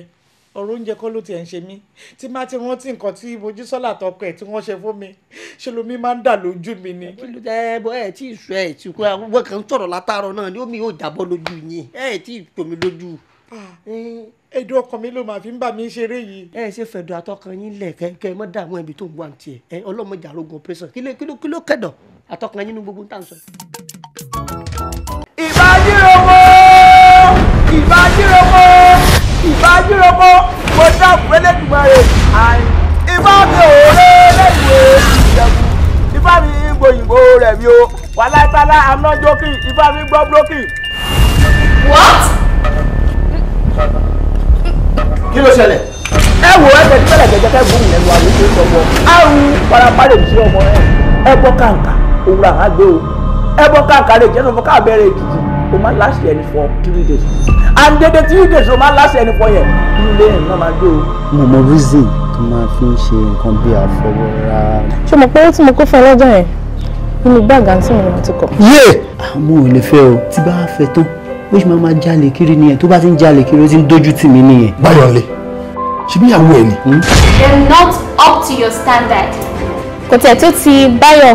ọ̀rọ̀ oúnjẹ kọ́ ló tiẹ̀ ń ṣe mí tí má ti rántí nǹkan tí Mojísọ́lá àtọkọ ẹ̀ tí wọ́n ṣe fún mi ṣe lomi máa ń dà lójú mi ni. ẹ ẹ tí ì ẹ tí kò àwọn kan sọ̀rọ̀ látàárọ̀ náà ni omi yóò jábọ́ lójú yín ẹ tí ì tòmí lójú. ẹ̀dùn ọkàn mi ló máa fi ń bà mí ṣeré yìí. ẹ ṣe fẹ̀dọ̀ àtọkàn yín lẹ̀ kẹ́ ẹ mọ́ dààmú ẹbí tó ń wà tiẹ̀ ẹ ọlọ́mọdé àrógùn operation kí ló kẹ́dọ̀ àtọkàn yín ní ayíròkó mo dákun Elédùmarè àyìn ifá mi ò ré léèwé ìjẹ̀bù ifá mi gbòyìnbó rẹ̀ mi o wàláìtàlá anájókì ifá mi gbọ́ brókì. what. kí ló ṣẹlẹ̀. ẹ wo ẹsẹ̀ tí fẹ́lẹ̀ gẹ̀gẹ́ fẹ́ gbóhùn lẹ́nu àwọn oṣù sọ̀bọ̀ àrùn parapalẹ̀ ìṣe ọmọ rẹ̀ ẹ bọ́ kàǹkà òwúrọ̀ àgbẹ̀ o ẹ bọ́ kàǹkà lè jẹ́ sọ́fọ́ káàbẹ̀rẹ̀ ètùtù o máa láṣẹ ẹni fọ three days and dédé three days o máa láṣẹ ẹni fọ yẹn nílé ẹ̀ náà máa gbé o. mo mọ reason tó máa fi ń ṣe nǹkan bí àfọwọ́ra. ṣé mo pé ó tí mo kó fún ẹ lọ́jọ́ yẹn nínú gbàgà tí mo ní mo ti kọ. yé àmọ́ ah, ò lè fẹ́ o tí bá fẹ́ tán ó sì máa máa jalè kiri nìyẹn tó bá ti ń jalè kiri ó ti ń dójú tì mí nìyẹn. báyọ̀ lè ṣe bí ìyàwó ẹ ni. they're not up to your standard. kò tẹ̀ tó ti báyọ̀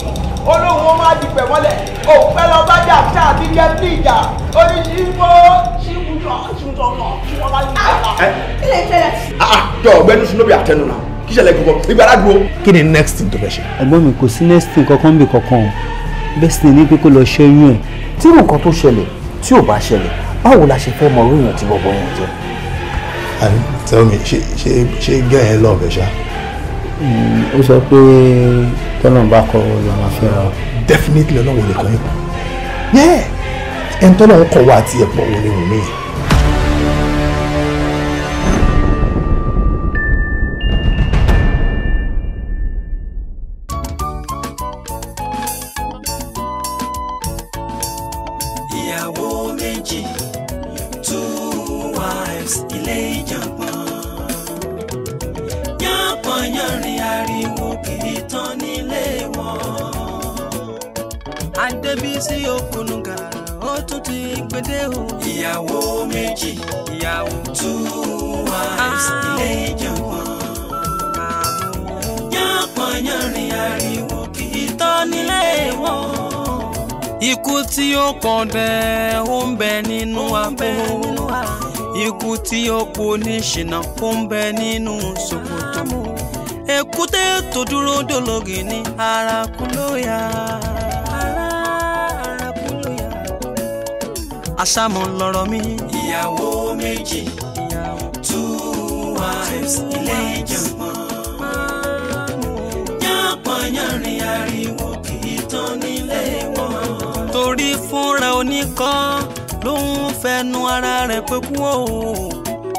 olóhùn ó máa dìpẹ̀ mọ́lẹ̀ òpẹ́ lọ bá jà tá àti jẹ́ bí ìjà oníṣìíwó ṣíwùtọ̀ ṣíwùtọ̀ kí wọ́n bá ní ìjọba. kí lè tẹ́lẹ̀. Ah, ah, jọ ọ̀gbẹ́ni sunobi àtẹnu náà kí ṣẹlẹ̀ gbogbo ibi aládùúgbò. kí ni next thing tó fẹ́ ṣe. mi kò sí next thing kankan bí kankan o bẹ́ẹ̀ sì ni pé kó lọ ṣẹ́yún ẹ̀. tí nǹkan tó ṣẹlẹ̀ tí ò bá ṣẹlẹ̀ báwo la ṣe fẹ́ mọ tell me ṣé ṣé ṣé gẹ́ẹ̀ lọ́ọ̀bẹ̀ ṣá ó sọ pé tọ́lọ́n bá kọ ọ̀rọ̀ máa definitely ọlọ́run ò lè kọ́ yín pọ̀ yẹ́ẹ̀ ẹ̀ ń tọ́lọ́run kọ̀ wá àti ẹ̀pọ̀ òun ni òun dé o. ìyàwó méjì ìyàwó two wives ah. ilé ìjọ̀wọ́. Ah. yánpọn yánrin ariwo kì í tọ́ nílé wọn. ikú tí ó kàn dẹ̀ ó ń bẹ nínú àpò ikú tí ó po ní ṣìnà ó ń bẹ nínú ṣòkòtò èkúté tó dúró dòlógì ní ara kú lóya. àṣàmọ̀ lọ̀rọ̀ mi. ìyàwó méjì two wives ilé ìjàngbọ̀n yànpọ̀n yànrin ariwo kì tán nílé wọn. torí fúnra oníkọ́ ló ń fẹnu ara rẹ̀ pé kú o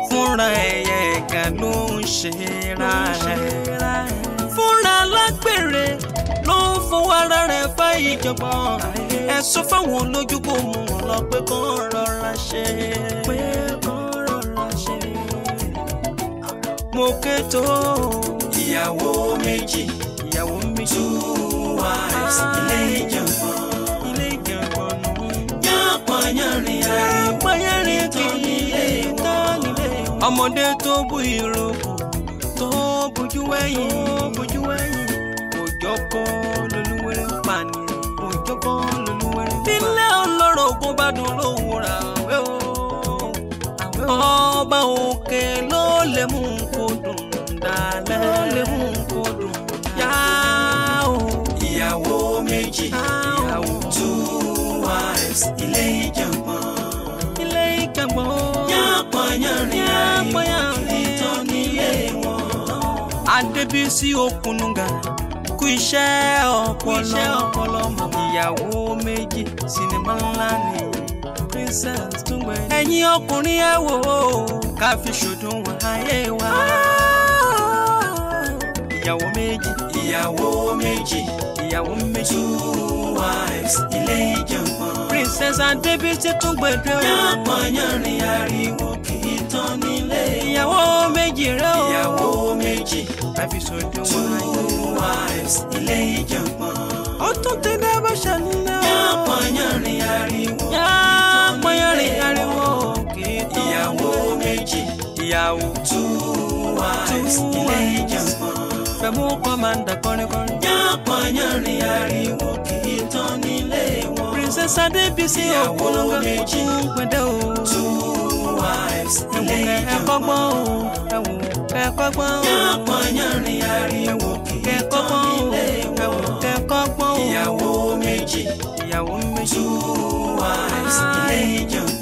fúnra ẹ̀yẹ ẹ̀gà ló ń ṣe ra ẹ̀ fúnra lágbèrè ló ń fowó ara rẹ̀ fá ìjàngbọ̀n ẹ sọ fáwọn olójú kò mú wọn lọ pé kán rọra ṣe pé kán rọra ṣe mo ké tó. ìyàwó méjì ìyàwó méjì two wives ilé ìjàngbọ̀n ilé ìjàngbọ̀n yánpọn yánrin yánpọn yánrin kì í tán nílé ọmọdé tó bu ìrókò tó bojú wẹ̀yìn bojú wẹ̀yìn kò jọ kọ́. ke ló lè mú kó dùn dalẹ̀ ìyàwó méjì ìyàwó two wives ilé ìjàngbọ̀n. ilé ìjàngbọ̀n o. yàpọ̀ yàrin àìkiri tán nílé wọn. adébísí okunuga kú iṣẹ́ ọpọlọ ìyàwó méjì sinimá ńlá nìyí princess tún gbẹ. ẹ̀yin ọkùnrin ẹ wò ó ká fi ṣòdùnwọ̀n ayé wa. ìyàwó méjì. ìyàwó méjì. ìyàwó méjì. two wives ilé ìjọ̀gbọ́n. princess adébísí tún gbẹdẹ o. yànpọ̀ yànrin ariwo kì tán nílé. ìyàwó méjì rẹ o. ìyàwó méjì. àfi ṣòdùnwọ̀n ayé wa. two wives ilé ìjọ̀gbọ́n. ó tún tẹ́lẹ̀ bá ṣàní. ìyàwó. two wives ilé ìjọ̀gbọ̀n. fẹ̀mú kọ́mándà kọrinkọrin. yánpọ̀n yánrin ariwo kì tán nílé wọn. princess adébísí ògbólógbó méjì pẹ̀dẹ́ o. two wives ilé ìjọ̀gbọ̀n. ẹ̀kọ́ gbọ́n o ẹ̀wọ̀n kẹ́kọ́ gbọ́n o. yánpọ̀n yánrin ariwo kì tán nílé wọn. kẹ́kọ́ gbọ́n o. ìyàwó méjì. ìyàwó méjì. two wives ilé ìjọ̀gbọ̀n.